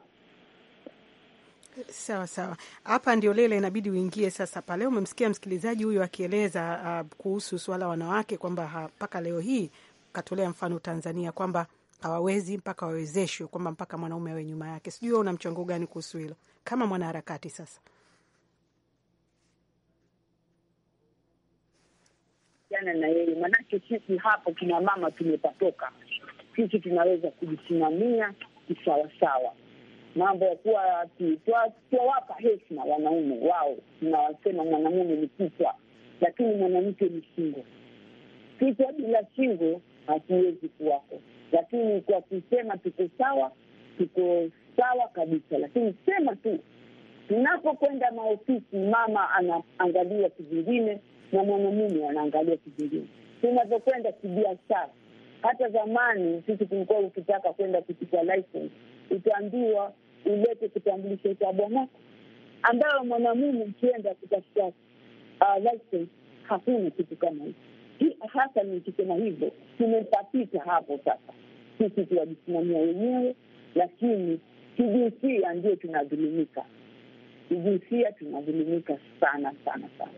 Sawa sawa, hapa ndio lela inabidi uingie sasa pale. Umemsikia msikilizaji huyu akieleza uh, kuhusu swala wanawake kwamba mpaka leo hii katolea mfano Tanzania kwamba hawawezi mpaka wawezeshwe, kwamba mpaka mwanaume awe nyuma yake. Sijui una mchango gani kuhusu hilo kama mwanaharakati sasa? Jana na yeye manake, sisi hapo kina mama tumepatoka, sisi tunaweza kujisimamia kisawasawa. Mambo ya kuwa tuawapa heshima wanaume wao, tunawasema mwanamume ni kichwa, lakini mwanamke ni shingo. Kichwa bila shingo hakiwezi kuwako lakini kwa kusema tuko sawa, tuko sawa kabisa, lakini sema tu tunapokwenda maofisi, mama anaangalia kivingine na mwanamume anaangalia kivingine. tunavyokwenda kibiashara, hata zamani sisi tulikuwa, ukitaka kwenda kuchukua license utaambiwa ulete kitambulisho cha bwanako, ambayo mwanamume ukienda kutafuta uh, license hakuna kitu kama hicho ni nikisema hivyo, tumepatika hapo sasa. Sisi tuwajisimamia wenyewe, lakini kijinsia ndio tunadhulumika, kijinsia tunadhulumika sana sana sana,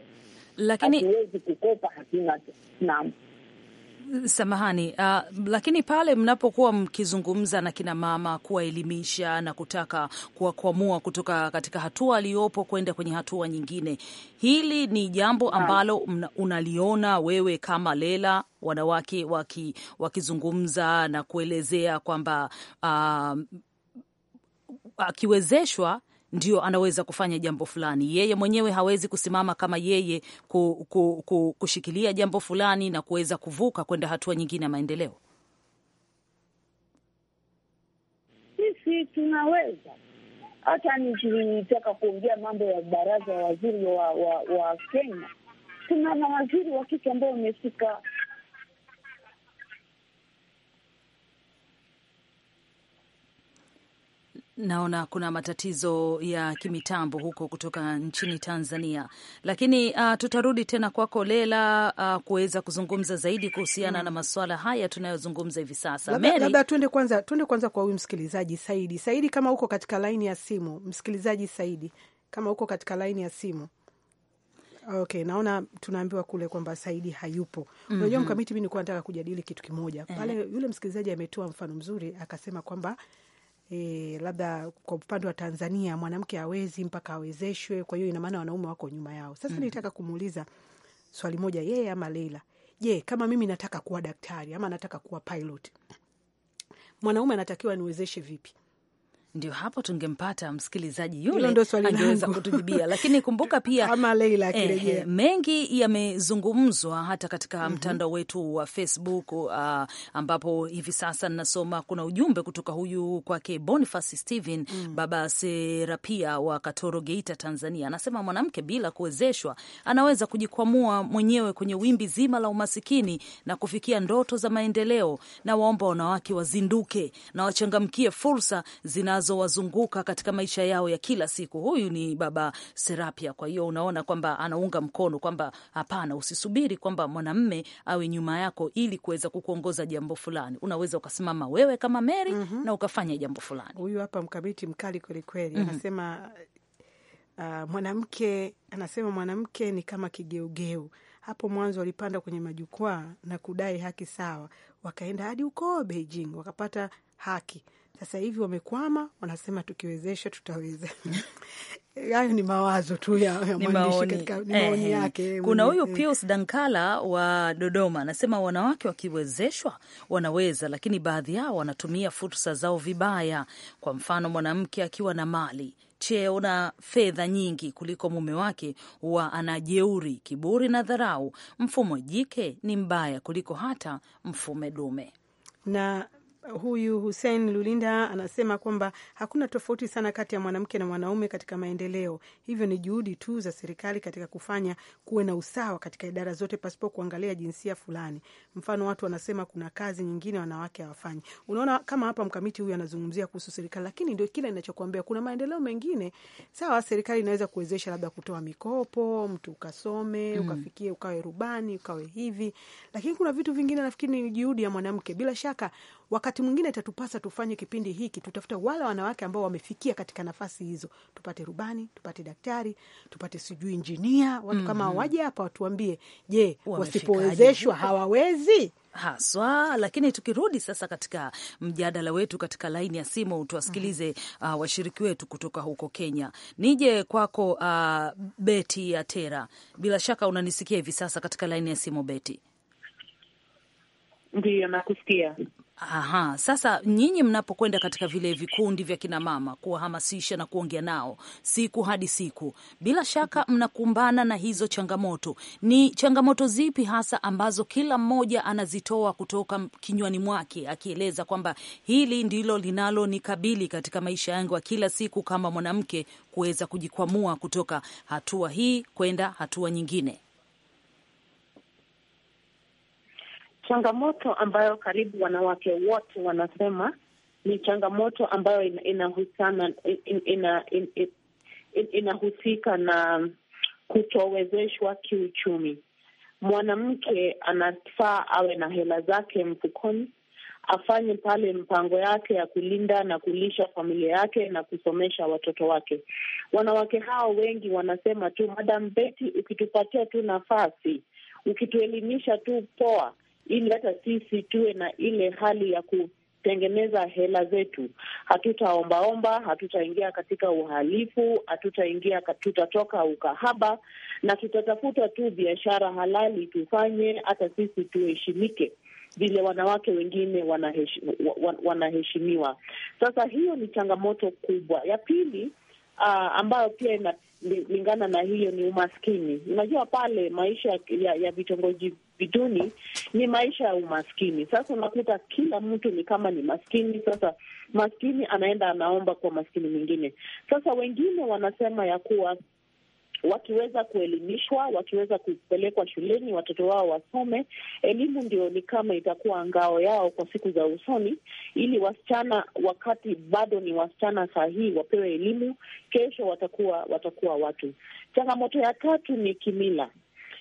lakini hatuwezi kukopa, hatuna naam Samahani, uh, lakini pale mnapokuwa mkizungumza na kina mama kuwaelimisha na kutaka kuwakwamua kutoka katika hatua aliyopo kwenda kwenye hatua nyingine, hili ni jambo ambalo unaliona wewe kama Lela, wanawake waki, wakizungumza na kuelezea kwamba uh, akiwezeshwa ndio anaweza kufanya jambo fulani. Yeye mwenyewe hawezi kusimama kama yeye ku, ku, ku, kushikilia jambo fulani na kuweza kuvuka kwenda hatua nyingine ya maendeleo. Sisi tunaweza hata nikitaka kuongea mambo ya baraza ya waziri wa, wa, wa Kenya, tuna mawaziri wa kike ambao wamefika Naona kuna matatizo ya kimitambo huko kutoka nchini Tanzania, lakini uh, tutarudi tena kwako Lela, uh, kuweza kuzungumza zaidi kuhusiana mm, na masuala haya tunayozungumza hivi sasa. Labda tuende kwanza, tuende kwanza kwa huyu msikilizaji Saidi. Saidi, kama uko katika laini ya simu, msikilizaji Saidi, kama uko katika laini ya simu Okay, naona tunaambiwa kule kwamba Saidi hayupo. Unajua, mm -hmm. Mkamiti, mi nikuwa nataka kujadili kitu kimoja eh. pale. Yule msikilizaji ametoa mfano mzuri akasema kwamba e, labda kwa upande wa Tanzania mwanamke hawezi mpaka awezeshwe, kwa hiyo ina maana wanaume wako nyuma yao. Sasa mm. nilitaka kumuuliza swali moja yeye ama Leila. Je, kama mimi nataka kuwa daktari ama nataka kuwa pilot, mwanaume anatakiwa niwezeshe vipi? ndio hapo tungempata msikilizaji yule angeweza kutujibia, (laughs) lakini kumbuka pia eh, eh, mengi yamezungumzwa hata katika mm -hmm. mtandao wetu wa Facebook uh, ambapo hivi sasa nnasoma kuna ujumbe kutoka huyu kwake Boniface Steven mm. baba Serapia wa Katoro, Geita, Tanzania, anasema mwanamke bila kuwezeshwa anaweza kujikwamua mwenyewe kwenye wimbi zima la umasikini na kufikia ndoto za maendeleo, na waomba wanawake wazinduke na wachangamkie fursa zinazo zinazowazunguka katika maisha yao ya kila siku. Huyu ni Baba Serapia. Kwa hiyo unaona kwamba anaunga mkono kwamba hapana, usisubiri kwamba mwanamme awe nyuma yako ili kuweza kukuongoza jambo fulani. Unaweza ukasimama wewe kama Meri mm -hmm. na ukafanya jambo fulani. Huyu hapa mkabiti mkali kwelikweli mhm. anasema mm -hmm. Uh, mwanamke anasema mwanamke ni kama kigeugeu. Hapo mwanzo walipanda kwenye majukwaa na kudai haki sawa, wakaenda hadi huko Beijing wakapata haki, sasa hivi wamekwama, wanasema tukiwezesha tutaweza. (laughs) Hayo ni mawazo tu ya, ya ni maoni, katika, ni eh, maoni yake. Kuna huyu Pius Dankala wa Dodoma anasema wanawake wakiwezeshwa wanaweza, lakini baadhi yao wanatumia fursa zao vibaya. Kwa mfano, mwanamke akiwa na mali cheo na fedha nyingi kuliko mume wake, huwa anajeuri, kiburi na dharau. Mfumo jike ni mbaya kuliko hata mfume dume na Huyu Hussein Lulinda anasema kwamba hakuna tofauti sana kati ya mwanamke na mwanaume katika maendeleo, hivyo ni juhudi tu za serikali katika kufanya kuwe na usawa katika idara zote pasipo kuangalia jinsia fulani. Mfano, watu wanasema kuna kazi nyingine wanawake hawafanyi. Unaona kama hapa mkamiti huyu anazungumzia kuhusu serikali, lakini ndio kile ninachokuambia, kuna maendeleo mengine sawa, serikali inaweza kuwezesha labda kutoa mikopo, mtu ukasome, mm, ukafikie, ukawe rubani, ukawe hivi, lakini kuna vitu vingine nafikiri ni juhudi ya mwanamke bila shaka Wakati mwingine itatupasa tufanye kipindi hiki, tutafute wale wanawake ambao wamefikia katika nafasi hizo, tupate rubani, tupate daktari, tupate sijui injinia, watu mm -hmm. kama mhm. waje hapa watuambie, je, wasipowezeshwa hawawezi haswa lakini tukirudi sasa katika mjadala wetu katika laini ya simu tuwasikilize, mm -hmm. uh, washiriki wetu kutoka huko Kenya. Nije kwako uh, Beti ya Tera, bila shaka unanisikia hivi sasa katika laini ya simu Beti? Ndiyo, nakusikia. Aha, sasa nyinyi mnapokwenda katika vile vikundi vya kinamama kuwahamasisha na kuongea nao siku hadi siku, bila shaka mnakumbana na hizo changamoto. Ni changamoto zipi hasa ambazo kila mmoja anazitoa kutoka kinywani mwake akieleza kwamba hili ndilo linalonikabili katika maisha yangu ya kila siku kama mwanamke, kuweza kujikwamua kutoka hatua hii kwenda hatua nyingine? changamoto ambayo karibu wanawake wote wanasema ni changamoto ambayo inahusiana in, ina, in, in, in, inahusika na kutowezeshwa kiuchumi. Mwanamke anafaa awe na hela zake mfukoni, afanye pale mpango yake ya kulinda na kulisha familia yake na kusomesha watoto wake. Wanawake hao wengi wanasema tu, Madam Betty, ukitupatia tu nafasi, ukituelimisha tu, poa ili hata sisi tuwe na ile hali ya kutengeneza hela zetu. Hatutaombaomba, hatutaingia katika uhalifu, hatutaingia, tutatoka ukahaba, na tutatafuta tu biashara halali tufanye, hata sisi tuheshimike vile wanawake wengine wanaheshimiwa. Sasa hiyo ni changamoto kubwa. Ya pili uh, ambayo pia inalingana na hiyo ni umaskini. Unajua pale maisha ya, ya vitongoji viduni ni maisha ya umaskini. Sasa unakuta kila mtu ni kama ni maskini. Sasa maskini anaenda anaomba kwa maskini mwingine. Sasa wengine wanasema ya kuwa wakiweza kuelimishwa, wakiweza kupelekwa shuleni, watoto wao wasome. Elimu ndio ni kama itakuwa ngao yao kwa siku za usoni, ili wasichana wakati bado ni wasichana sahihi wapewe elimu, kesho watakuwa watakuwa watu. Changamoto ya tatu ni kimila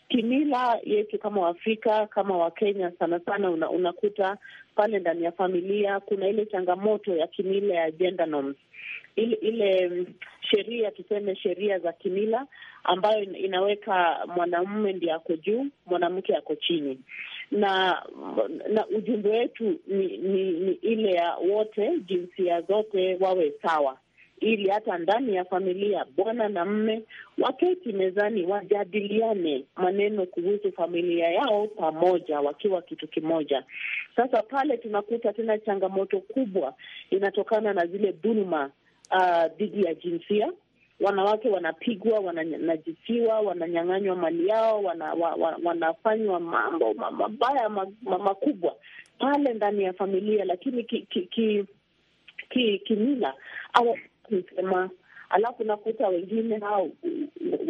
kimila yetu kama Waafrika, kama Wakenya sana sana, una, unakuta pale ndani ya familia kuna ile changamoto ya kimila ya gender norms, ile, ile mm, sheria tuseme, sheria za kimila ambayo inaweka mwanamume ndiye ako juu, mwanamke ako chini, na na ujumbe wetu ni, ni, ni ile ya wote jinsia zote wawe sawa ili hata ndani ya familia bwana na mme waketi mezani, wajadiliane maneno kuhusu familia yao pamoja, wakiwa kitu kimoja. Sasa pale tunakuta tena changamoto kubwa inatokana na zile dhuluma uh, dhidi uh, ya jinsia wanawake wanapigwa, wananajisiwa, wananyang'anywa mali yao, wana, wa, wa, wanafanywa mambo mabaya makubwa pale ndani ya familia, lakini ki, ki, ki, ki, kimila kusema. Alafu nakuta wengine hao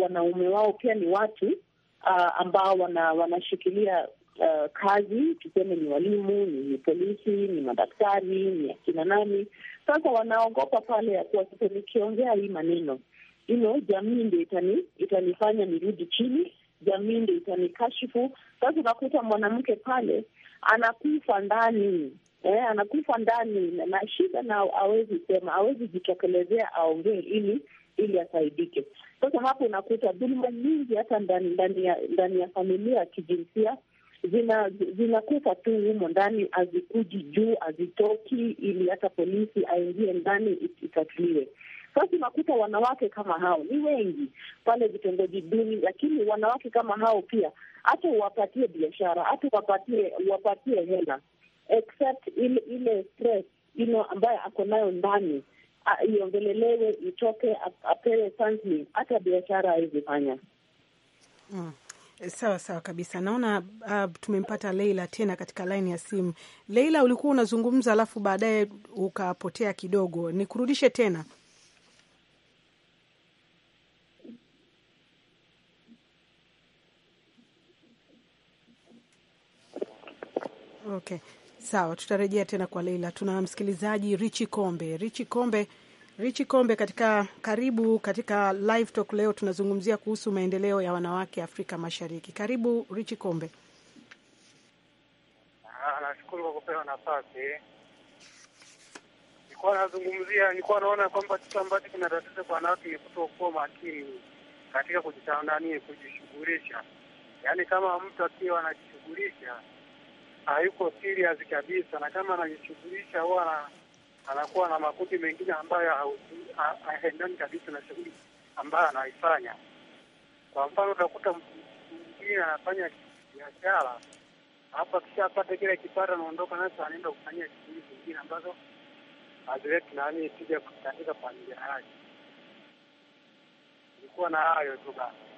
wanaume wao pia ni watu uh, ambao wana, wanashikilia uh, kazi, tuseme ni walimu, ni polisi, ni madaktari, ni akina nani. Sasa wanaogopa pale ya kuwa sasa nikiongea hii maneno ino jamii ndio itani, itanifanya nirudi chini, jamii ndio itanikashifu. Sasa unakuta mwanamke pale anakufa ndani eh, anakufa ndani na shida, na awezi sema, awezi jitokelezea aongee ili ili asaidike. Sasa hapo unakuta dhuluma nyingi hata ndani ndani ya ndani ya familia ya kijinsia zinakufa tu humo ndani, hazikuji juu, hazitoki ili hata polisi aingie ndani itatuliwe. Sasa unakuta wanawake kama hao ni wengi pale vitongoji duni, lakini wanawake kama hao pia hata uwapatie biashara, hata uwapatie uwapatie hela except ile ile stress you know, ambayo ako nayo ndani iongelelewe, itoke, apewe counseling, hata biashara haizi Mm. Sawa sawa kabisa. Naona uh, tumempata Leila tena katika laini ya simu. Leila, ulikuwa unazungumza alafu baadaye ukapotea kidogo, nikurudishe tena. Okay. Sawa, tutarejea tena kwa Leila. Tuna msikilizaji Richi Kombe, Richi Kombe, Richi Kombe katika karibu katika live talk. Leo tunazungumzia kuhusu maendeleo ya wanawake Afrika Mashariki. Karibu Richi Kombe. Ah, nashukuru kwa kupewa nafasi. Nilikuwa nazungumzia, nilikuwa naona kwamba kitu ambacho kina tatizo kwa wanawake ni kutokuwa makini katika kujitanania, kujishughulisha, yaani kama mtu akiwa anajishughulisha hayuko serious kabisa, na kama anajishughulisha huwa anakuwa na makundi mengine ambayo haendani kabisa na shughuli ambayo anaifanya. Kwa mfano, utakuta mwingine anafanya biashara hapo, akishapata kile kipato anaondoka nacho, anaenda kufanyia shughuli zingine ambazo hazileti nani tija katika familia yake. Ilikuwa na hayo tu basi.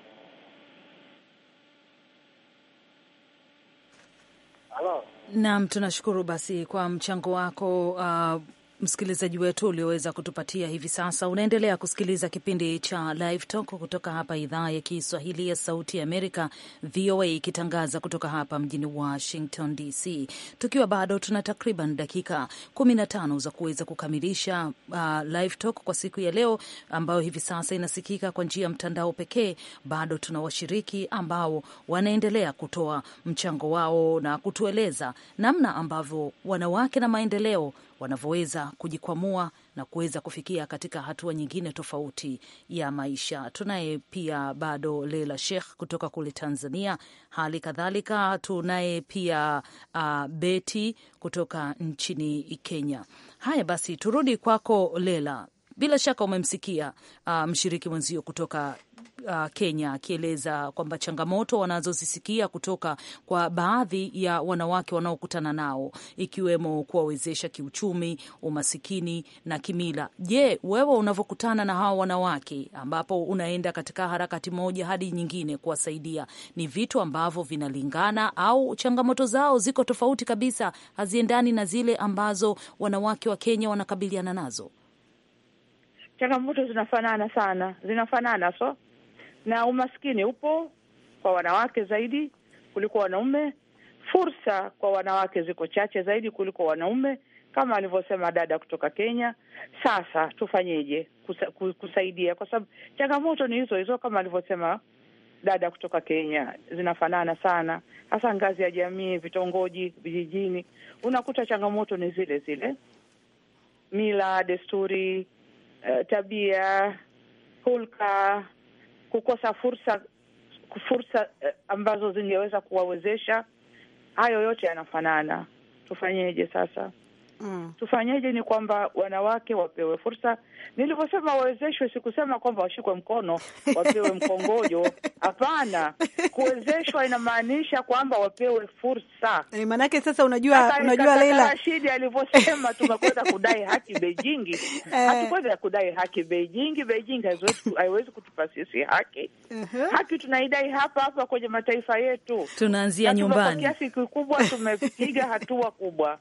Naam, tunashukuru basi kwa mchango wako uh, msikilizaji wetu ulioweza kutupatia hivi sasa. Unaendelea kusikiliza kipindi cha Live Talk kutoka hapa idhaa ya Kiswahili ya Sauti ya Amerika, VOA, ikitangaza kutoka hapa mjini Washington DC, tukiwa bado tuna takriban dakika 15 za kuweza kukamilisha uh, Live Talk kwa siku ya leo, ambayo hivi sasa inasikika kwa njia ya mtandao pekee. Bado tuna washiriki ambao wanaendelea kutoa mchango wao na kutueleza namna ambavyo wanawake na maendeleo wanavyoweza kujikwamua na kuweza kufikia katika hatua nyingine tofauti ya maisha. Tunaye pia bado Leila Sheikh kutoka kule Tanzania, hali kadhalika tunaye pia uh, Beti kutoka nchini Kenya. Haya basi, turudi kwako Leila. Bila shaka umemsikia uh, mshiriki mwenzio kutoka uh, Kenya akieleza kwamba changamoto wanazozisikia kutoka kwa baadhi ya wanawake wanaokutana nao ikiwemo kuwawezesha kiuchumi, umasikini na kimila. Je, wewe unavyokutana na hawa wanawake ambapo unaenda katika harakati moja hadi nyingine kuwasaidia, ni vitu ambavyo vinalingana au changamoto zao ziko tofauti kabisa, haziendani na zile ambazo wanawake wa Kenya wanakabiliana nazo? changamoto zinafanana sana, zinafanana so, na umaskini upo kwa wanawake zaidi kuliko wanaume. Fursa kwa wanawake ziko chache zaidi kuliko wanaume, kama alivyosema dada kutoka Kenya. Sasa tufanyeje kusa, kusaidia? Kwa sababu changamoto ni hizo hizo kama alivyosema dada kutoka Kenya, zinafanana sana, hasa ngazi ya jamii, vitongoji, vijijini, unakuta changamoto ni zile zile, mila, desturi Eh, tabia, hulka, kukosa fursa fursa uh, ambazo zingeweza kuwawezesha. Hayo yote yanafanana. Tufanyeje sasa? mm. Tufanyeje? Ni kwamba wanawake wapewe fursa. Nilivyosema wawezeshwe, sikusema kwamba washikwe mkono wapewe (laughs) mkongojo, hapana. Kuwezeshwa inamaanisha kwamba wapewe fursa. E, maanake sasa unajua kata, unajua Leila Rashidi alivyosema (laughs) tumekwenda kudai haki Beijingi, eh. hatukwenda kudai haki Beijingi. Beijing haiwezi kutupa sisi haki uh -huh. Haki tunaidai hapa hapa kwenye mataifa yetu, tunaanzia nyumbani. Kwa kiasi kikubwa tumepiga hatua kubwa (laughs)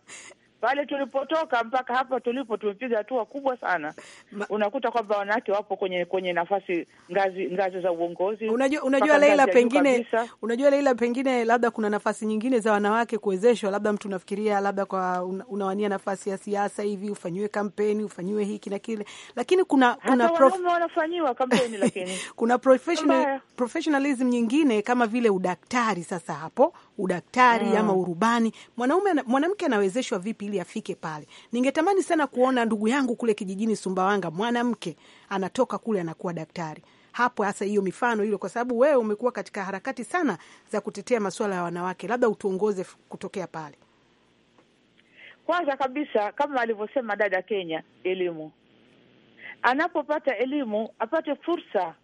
pale tulipotoka mpaka hapa tulipo tumepiga hatua kubwa sana Ma... unakuta kwamba wanawake wapo kwenye kwenye nafasi ngazi ngazi za uongozi. Unajua, unajua Leila, pengine unajua Leila, pengine labda kuna nafasi nyingine za wanawake kuwezeshwa, labda mtu unafikiria labda kwa unawania nafasi ya siasa hivi ufanyiwe kampeni ufanyiwe hiki na kile, lakini kuna kuna prof... wanafanyiwa kampeni lakini (laughs) kuna professional, Mbaya. professionalism nyingine kama vile udaktari. Sasa hapo udaktari hmm, ama urubani, mwanaume mwanamke anawezeshwa vipi ili afike pale. Ningetamani sana kuona ndugu yangu kule kijijini Sumbawanga, mwanamke anatoka kule anakuwa daktari hapo hasa hiyo mifano hilo, kwa sababu wewe umekuwa katika harakati sana za kutetea masuala ya wanawake, labda utuongoze kutokea pale. Kwanza kabisa, kama alivyosema dada Kenya, elimu. Anapopata elimu apate fursa,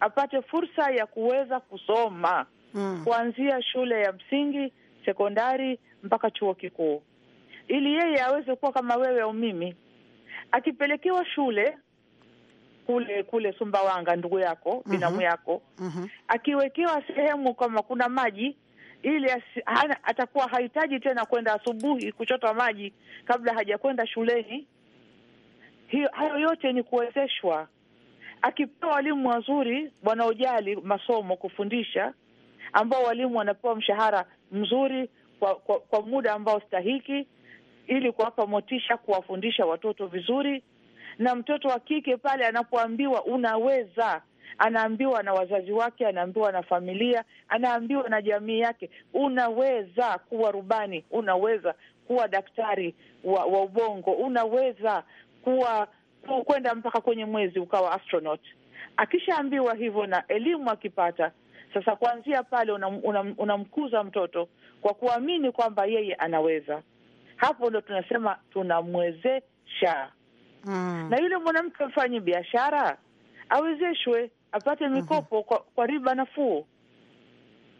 apate fursa ya kuweza kusoma mm, kuanzia shule ya msingi, sekondari mpaka chuo kikuu ili yeye aweze kuwa kama wewe au mimi. Akipelekewa shule kule kule Sumbawanga, ndugu yako mhm. binamu yako mm -hmm. akiwekewa sehemu kama kuna maji ili atakuwa hahitaji tena kwenda asubuhi kuchota maji kabla hajakwenda shuleni. Hiyo, hayo yote ni kuwezeshwa. Akipewa walimu wazuri wanaojali masomo kufundisha, ambao walimu wanapewa mshahara mzuri kwa, kwa, kwa muda ambao stahiki, ili kuwapa motisha, kuwafundisha watoto vizuri. Na mtoto wa kike pale anapoambiwa unaweza, anaambiwa na wazazi wake, anaambiwa na familia, anaambiwa na jamii yake, unaweza kuwa rubani, unaweza kuwa daktari wa, wa ubongo, unaweza kuwa kwenda mpaka kwenye mwezi ukawa astronaut. Akishaambiwa hivyo na elimu akipata sasa, kuanzia pale unamkuza una, una mtoto kwa kuamini kwamba yeye anaweza. Hapo ndo tunasema tunamwezesha. Mm. Na yule mwanamke afanye biashara, awezeshwe apate mikopo mm -hmm. kwa, kwa riba nafuu,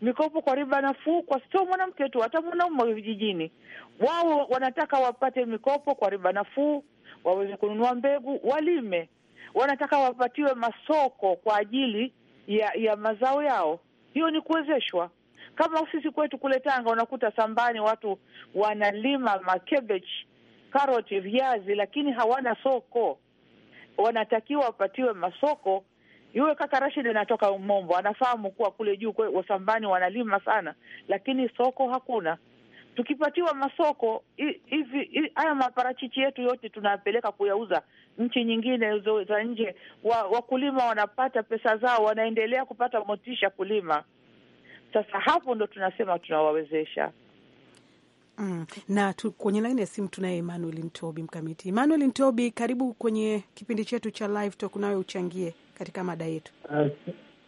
mikopo kwa riba nafuu, kwa sio mwanamke tu, hata mwanaume vijijini wao wanataka wapate mikopo kwa riba nafuu, waweze kununua mbegu, walime. Wanataka wapatiwe masoko kwa ajili ya, ya mazao yao. Hiyo ni kuwezeshwa. Kama sisi kwetu kule Tanga unakuta sambani watu wanalima makebeji, karoti, viazi, lakini hawana soko. Wanatakiwa wapatiwe masoko. Yule kaka Rashid anatoka Mombo, anafahamu kuwa kule juu wasambani wanalima sana, lakini soko hakuna. Tukipatiwa masoko hivi, haya maparachichi yetu yote tunapeleka kuyauza nchi nyingine za nje, wakulima wanapata pesa zao, wanaendelea kupata motisha kulima. Sasa hapo ndo tunasema tunawawezesha. Mm. Na tu, kwenye laini ya simu tunaye Emmanuel Ntobi mkamiti. Emmanuel Ntobi, karibu kwenye kipindi chetu cha Live Talk, nawe uchangie katika mada yetu.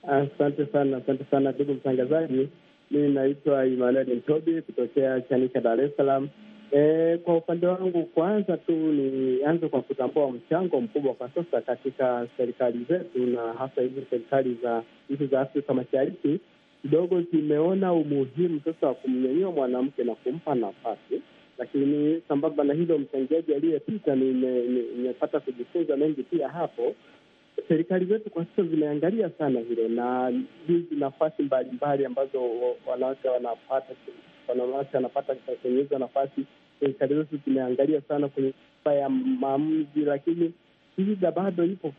Asante sana, asante sana ndugu mtangazaji. Mimi naitwa Emmanuel Ntobi kutokea Chanika, Dar es Salaam. E, kwa upande wangu kwanza tu nianze kwa kutambua mchango mkubwa kwa sasa katika serikali zetu na hasa hizi serikali za nchi za Afrika Mashariki kidogo zimeona umuhimu sasa wa kumnyanyua mwanamke na kumpa nafasi. Lakini sambamba na hilo, mchangiaji aliyepita nimepata kujifunza mengi pia hapo. Serikali zetu kwa sasa zimeangalia sana hilo, na hizi nafasi mbalimbali ambazo wanawake wanapata, wanawake wanapata kwenye hizo nafasi, serikali zetu zimeangalia sana kwenye ya maamuzi, lakini shida bado ipo,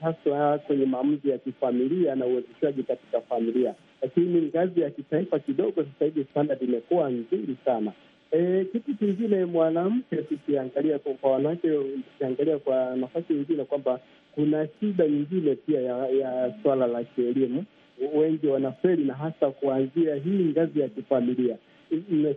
haswa kwenye maamuzi ya kifamilia na uwezeshaji katika familia lakini ngazi ya kitaifa kidogo sasa hivi standard imekuwa nzuri sana. E, kitu kingine mwanamke, tukiangalia kwa wanawake, tukiangalia kwa nafasi nyingine, kwamba kuna shida nyingine pia ya, ya swala la kielimu. Wengi wanafeli na hasa kuanzia hii ngazi ya kifamilia.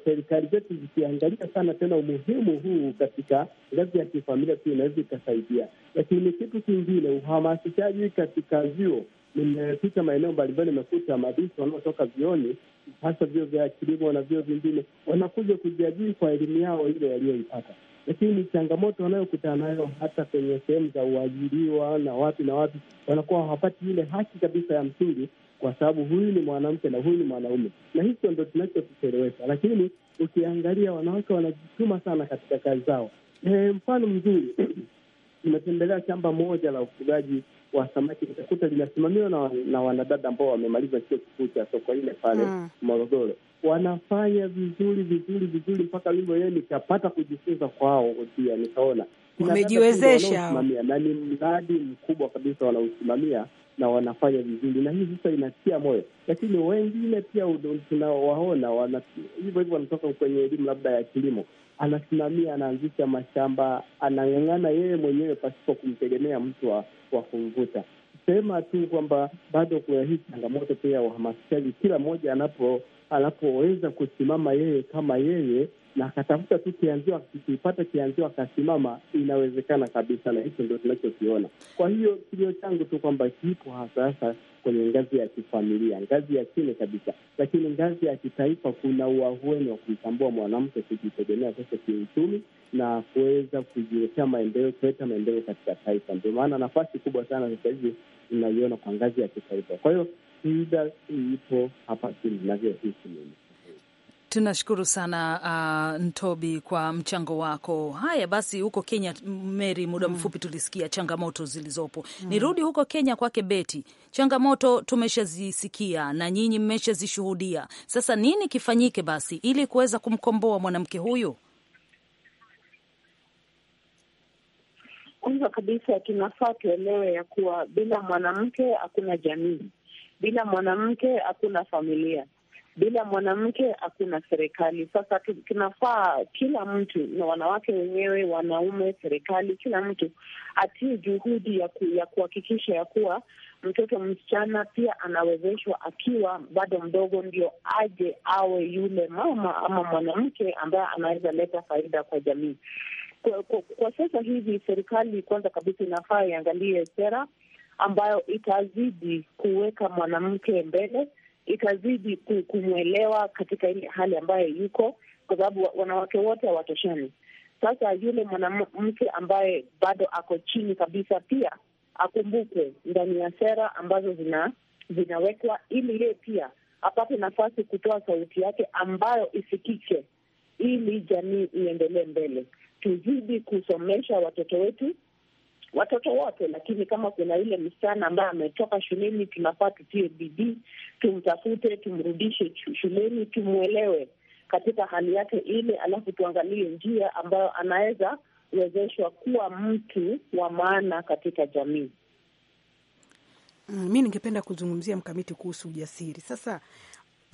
Serikali zetu zikiangalia sana tena umuhimu huu katika ngazi ya kifamilia, pia inaweza ikasaidia. Lakini kitu kingine, uhamasishaji katika vyuo nimepita maeneo mbalimbali, nimekuta mabisi wanaotoka vioni hasa vio vya kilimo na vio vingine wanakuja kujiajiri kwa elimu yao ile yaliyoipata, lakini ni changamoto wanayokutana nayo hata kwenye sehemu za uajiriwa na wapi na wapi, wanakuwa hawapati ile haki kabisa ya msingi, kwa sababu huyu ni mwanamke na huyu ni mwanaume, na hicho ndo tunachokieleweka. Lakini ukiangalia wanawake wanajituma sana katika kazi zao. E, mfano mzuri (clears throat) nimetembelea shamba moja la ufugaji wa samaki utakuta linasimamiwa na, na wanadada ambao wamemaliza chuo kikuu cha soko ile pale mm. Morogoro. Wanafanya vizuri vizuri vizuri mpaka leo yeye nikapata kujifunza kwao pia, nikaona wamejiwezesha na ni mradi mkubwa kabisa wanausimamia na wanafanya vizuri, na hii sasa inatia moyo. Lakini wengine pia tunawaona hivyo hivyo, wanatoka kwenye elimu labda ya kilimo, anasimamia anaanzisha mashamba, anang'ang'ana yeye mwenyewe pasipo kumtegemea mtu wa kwa kumvuta. Sema tu kwamba bado kuna hii changamoto pia ya uhamasishaji, kila mmoja anapo anapoweza kusimama yeye kama yeye na akatafuta tu kianzio, akipata kianzio akasimama, inawezekana kabisa, na hicho ndio tunachokiona. Kwa hiyo kilio changu tu kwamba kipo hasa hasa kwenye ngazi ya kifamilia, ngazi ya chini kabisa, lakini ngazi ya kitaifa kuna uahueni wa kumtambua mwanamke kujitegemea sasa kiuchumi na kuweza kujiletea maendeleo, kuleta maendeleo katika taifa. Ndio maana nafasi kubwa sana sasa hivi inaiona kwa ngazi ya kitaifa. Kwa hiyo shida ipo hapa chini, inavyohisi mimi. Tunashukuru sana uh, Ntobi kwa mchango wako. Haya basi, huko Kenya Meri, muda mm. mfupi tulisikia changamoto zilizopo. Mm. Nirudi huko Kenya kwake Beti. Changamoto tumeshazisikia na nyinyi mmeshazishuhudia. Sasa nini kifanyike basi ili kuweza kumkomboa mwanamke huyu? Kwanza kabisa tunafaa tuelewe ya kuwa bila mwanamke hakuna jamii, bila mwanamke hakuna familia bila mwanamke hakuna serikali. Sasa kinafaa kila mtu na wanawake wenyewe, wanaume, serikali, kila mtu atie juhudi ya, ku, ya kuhakikisha ya kuwa mtoto msichana pia anawezeshwa akiwa bado mdogo, ndio aje awe yule mama ama mwanamke ambaye anaweza leta faida kwa jamii. Kwa, kwa, kwa sasa hivi serikali kwanza kabisa inafaa iangalie sera ambayo itazidi kuweka mwanamke mbele itazidi kumwelewa katika ile hali ambayo yuko, kwa sababu wanawake wote hawatoshani. Sasa yule mwanamke ambaye bado ako chini kabisa, pia akumbukwe ndani ya sera ambazo zina zinawekwa, ili yeye pia apate nafasi kutoa sauti yake ambayo isikike, ili jamii iendelee mbele. Tuzidi kusomesha watoto wetu watoto wote, lakini kama kuna ile msichana ambaye ametoka shuleni, tunafaa tutie bidii, tumtafute, tumrudishe shuleni, tumwelewe katika hali yake ile, alafu tuangalie njia ambayo anaweza wezeshwa kuwa mtu wa maana katika jamii. Mm, ah, mi ningependa kuzungumzia mkamiti kuhusu ujasiri sasa.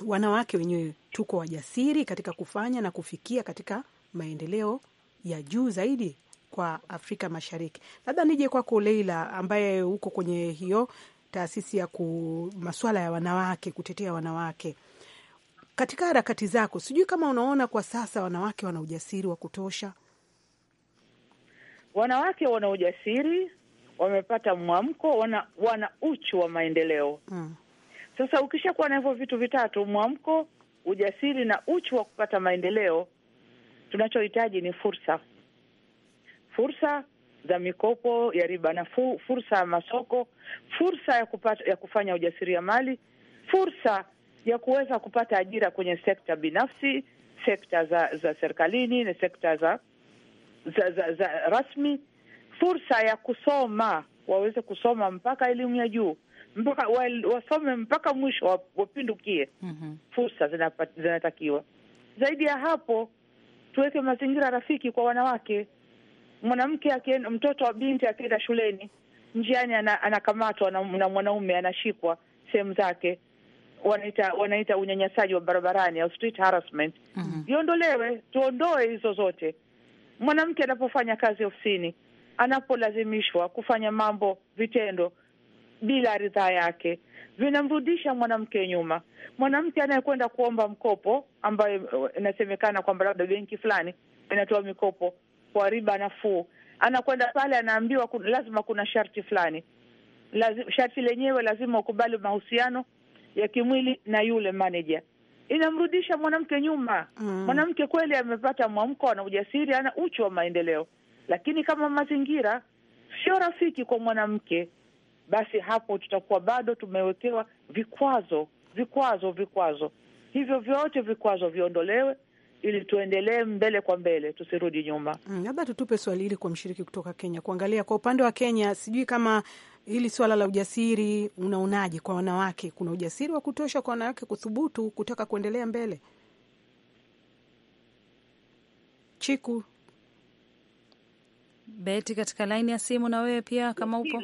Wanawake wenyewe tuko wajasiri katika kufanya na kufikia katika maendeleo ya juu zaidi kwa Afrika Mashariki. Labda nije kwako Leila, ambaye huko kwenye hiyo taasisi ya masuala ya wanawake, kutetea wanawake katika harakati zako, sijui kama unaona kwa sasa wanawake wana ujasiri wa kutosha. Wanawake wana ujasiri, wamepata mwamko, wana, wana uchu wa maendeleo mm. Sasa ukishakuwa na hivyo vitu vitatu, mwamko, ujasiri na uchu wa kupata maendeleo, tunachohitaji ni fursa fursa za mikopo ya riba nafuu, fursa ya masoko, fursa ya kupata, ya kufanya ujasiriamali, fursa ya kuweza kupata ajira kwenye sekta binafsi, sekta za za serikalini na sekta za za, za za rasmi, fursa ya kusoma, waweze kusoma mpaka elimu ya juu mpaka wa, wasome mpaka mwisho wapindukie. mm -hmm. Fursa zinatakiwa. Zaidi ya hapo, tuweke mazingira rafiki kwa wanawake mwanamke akienda, mtoto wa binti akienda shuleni njiani anakamatwa ana na mwanaume anashikwa sehemu zake, wanaita wanaita unyanyasaji wa barabarani au street harassment. Mhm. Iondolewe, mm -hmm. Tuondoe hizo zote. Mwanamke anapofanya kazi ofisini, anapolazimishwa kufanya mambo, vitendo bila ridhaa yake vinamrudisha mwanamke nyuma. Mwanamke anayekwenda kuomba mkopo, ambayo eh, inasemekana kwamba labda benki fulani inatoa mikopo, kwa riba nafuu. Anakwenda pale, anaambiwa kun, lazima kuna sharti fulani, lazima sharti lenyewe lazima ukubali mahusiano ya kimwili na yule manager. Inamrudisha mwanamke nyuma. Mm. Mwanamke kweli amepata mwamko, ana ujasiri, ana uchu wa maendeleo, lakini kama mazingira sio rafiki kwa mwanamke, basi hapo tutakuwa bado tumewekewa vikwazo, vikwazo, vikwazo. Hivyo vyote vikwazo viondolewe ili tuendelee mbele kwa mbele, tusirudi nyuma. Mm, labda mm, tutupe swali hili kwa mshiriki kutoka Kenya, kuangalia kwa upande wa Kenya, sijui kama hili swala la ujasiri unaonaje kwa wanawake? Kuna ujasiri wa kutosha kwa wanawake kuthubutu kutaka kuendelea mbele? Chiku Beti, katika laini ya simu, na wewe pia kama upo.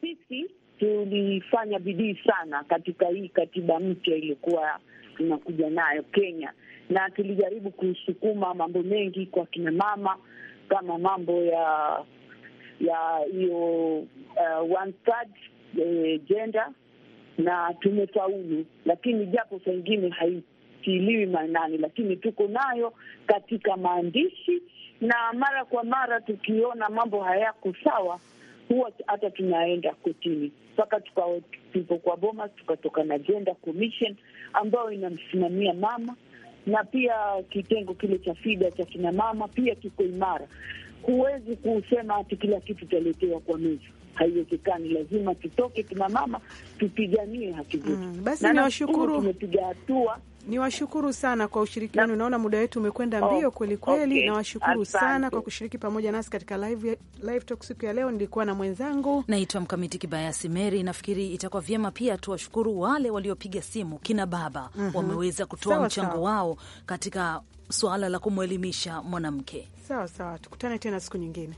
Sisi tulifanya bidii sana katika hii katiba mpya iliyokuwa inakuja nayo Kenya, na tulijaribu kusukuma mambo mengi kwa kina mama kama mambo ya ya hiyo uh, one third eh, gender na tumefaulu, lakini japo saa ingine haitiliwi maanani, lakini tuko nayo katika maandishi, na mara kwa mara tukiona mambo hayako sawa huwa hata tunaenda kotini mpaka tulipokuwa Bomas tukatoka na Gender Commission ambayo inamsimamia mama na pia kitengo kile cha FIDA cha kinamama pia kiko imara. Huwezi kusema ati kila kitu taletewa kwa meza haiwezekani. Lazima tutoke kina mama tupiganie haki zetu. Mm, basi niwashukuru, tumepiga hatua ni washukuru sana kwa ushirikiano na, Naona muda wetu umekwenda mbio oh, kweli kweli. Okay. Nawashukuru sana kwa kushiriki pamoja nasi katika live, live talk siku ya leo. Nilikuwa na mwenzangu naitwa Mkamiti Kibayasi Meri. Nafikiri itakuwa vyema pia tuwashukuru wale waliopiga simu, kina baba mm -hmm. wameweza kutoa mchango wao katika suala la kumwelimisha mwanamke. Sawa sawa, tukutane tena siku nyingine.